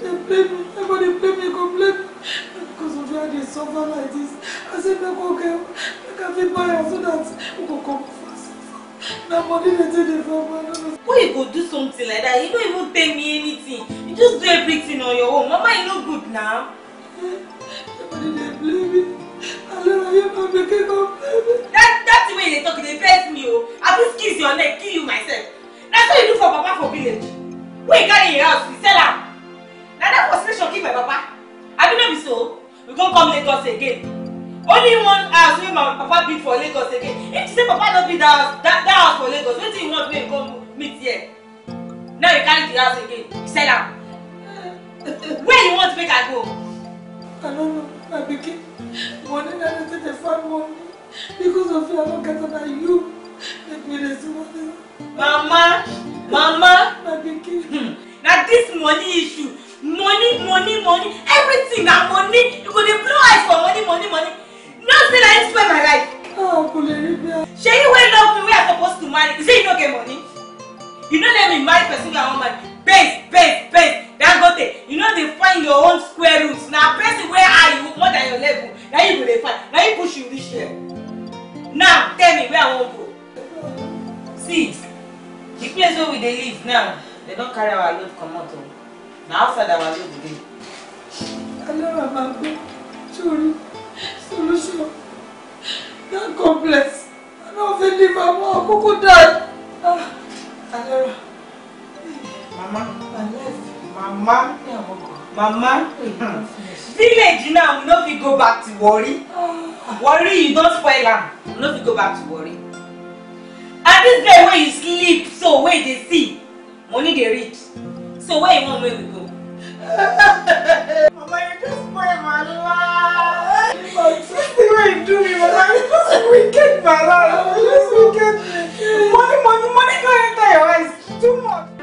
They blame me. Everybody blame me, go blame Because of why they suffer like this. I said, make okay, make a fit buy so that we can come fast. Now money they take the family. Why you go do something like that? You don't even tell me anything. You just do everything on your own. Mama, you no good now. Eh, That, that's the way they talk, they vex me, oh. I will squeeze your neck, kill you myself. That's what you do for Papa for village. Wey carry your house, we sell am. Na that frustration kill my Papa. Abi no be so? We gon come Lagos again. Only one house wey my Papa build for Lagos again. If you say Papa no build that that, house for Lagos, wetin you want make you come meet here? Now you carry the house again, sell am. Where you want make I go? alone I became money that I didn't find money because of you I not better than you make me the money. Mama mama I became. na this money issue money money money everything na money you go dey blow eye for money money money No, nothing na it spend my life. Ah, Sheyi wey love me wey I suppose to marry you say you no get money you no let me marry person wey I wan marry base base base dangote you no dey find your own square root na person wey high you more than your level na you go dey find na you push you reach here now tell me where i wan go see the place wey we dey live now dem don carry our load comot o na outside our load dey. alára máa gbé solution that complex i no fit leave am more kúkú die ah, alára. mama I love you. Mama. Mama. Village now, we no fit go back to worry. Worry you don't spoil am. We no fit go back to worry. And this day where you sleep, so where they see, money they reach. So where you want make we go? Mama, you just spoil my life. Oh, just the way you do me, Mama. You just wicked my life. You wicked Money, money, money go enter your eyes. Too much.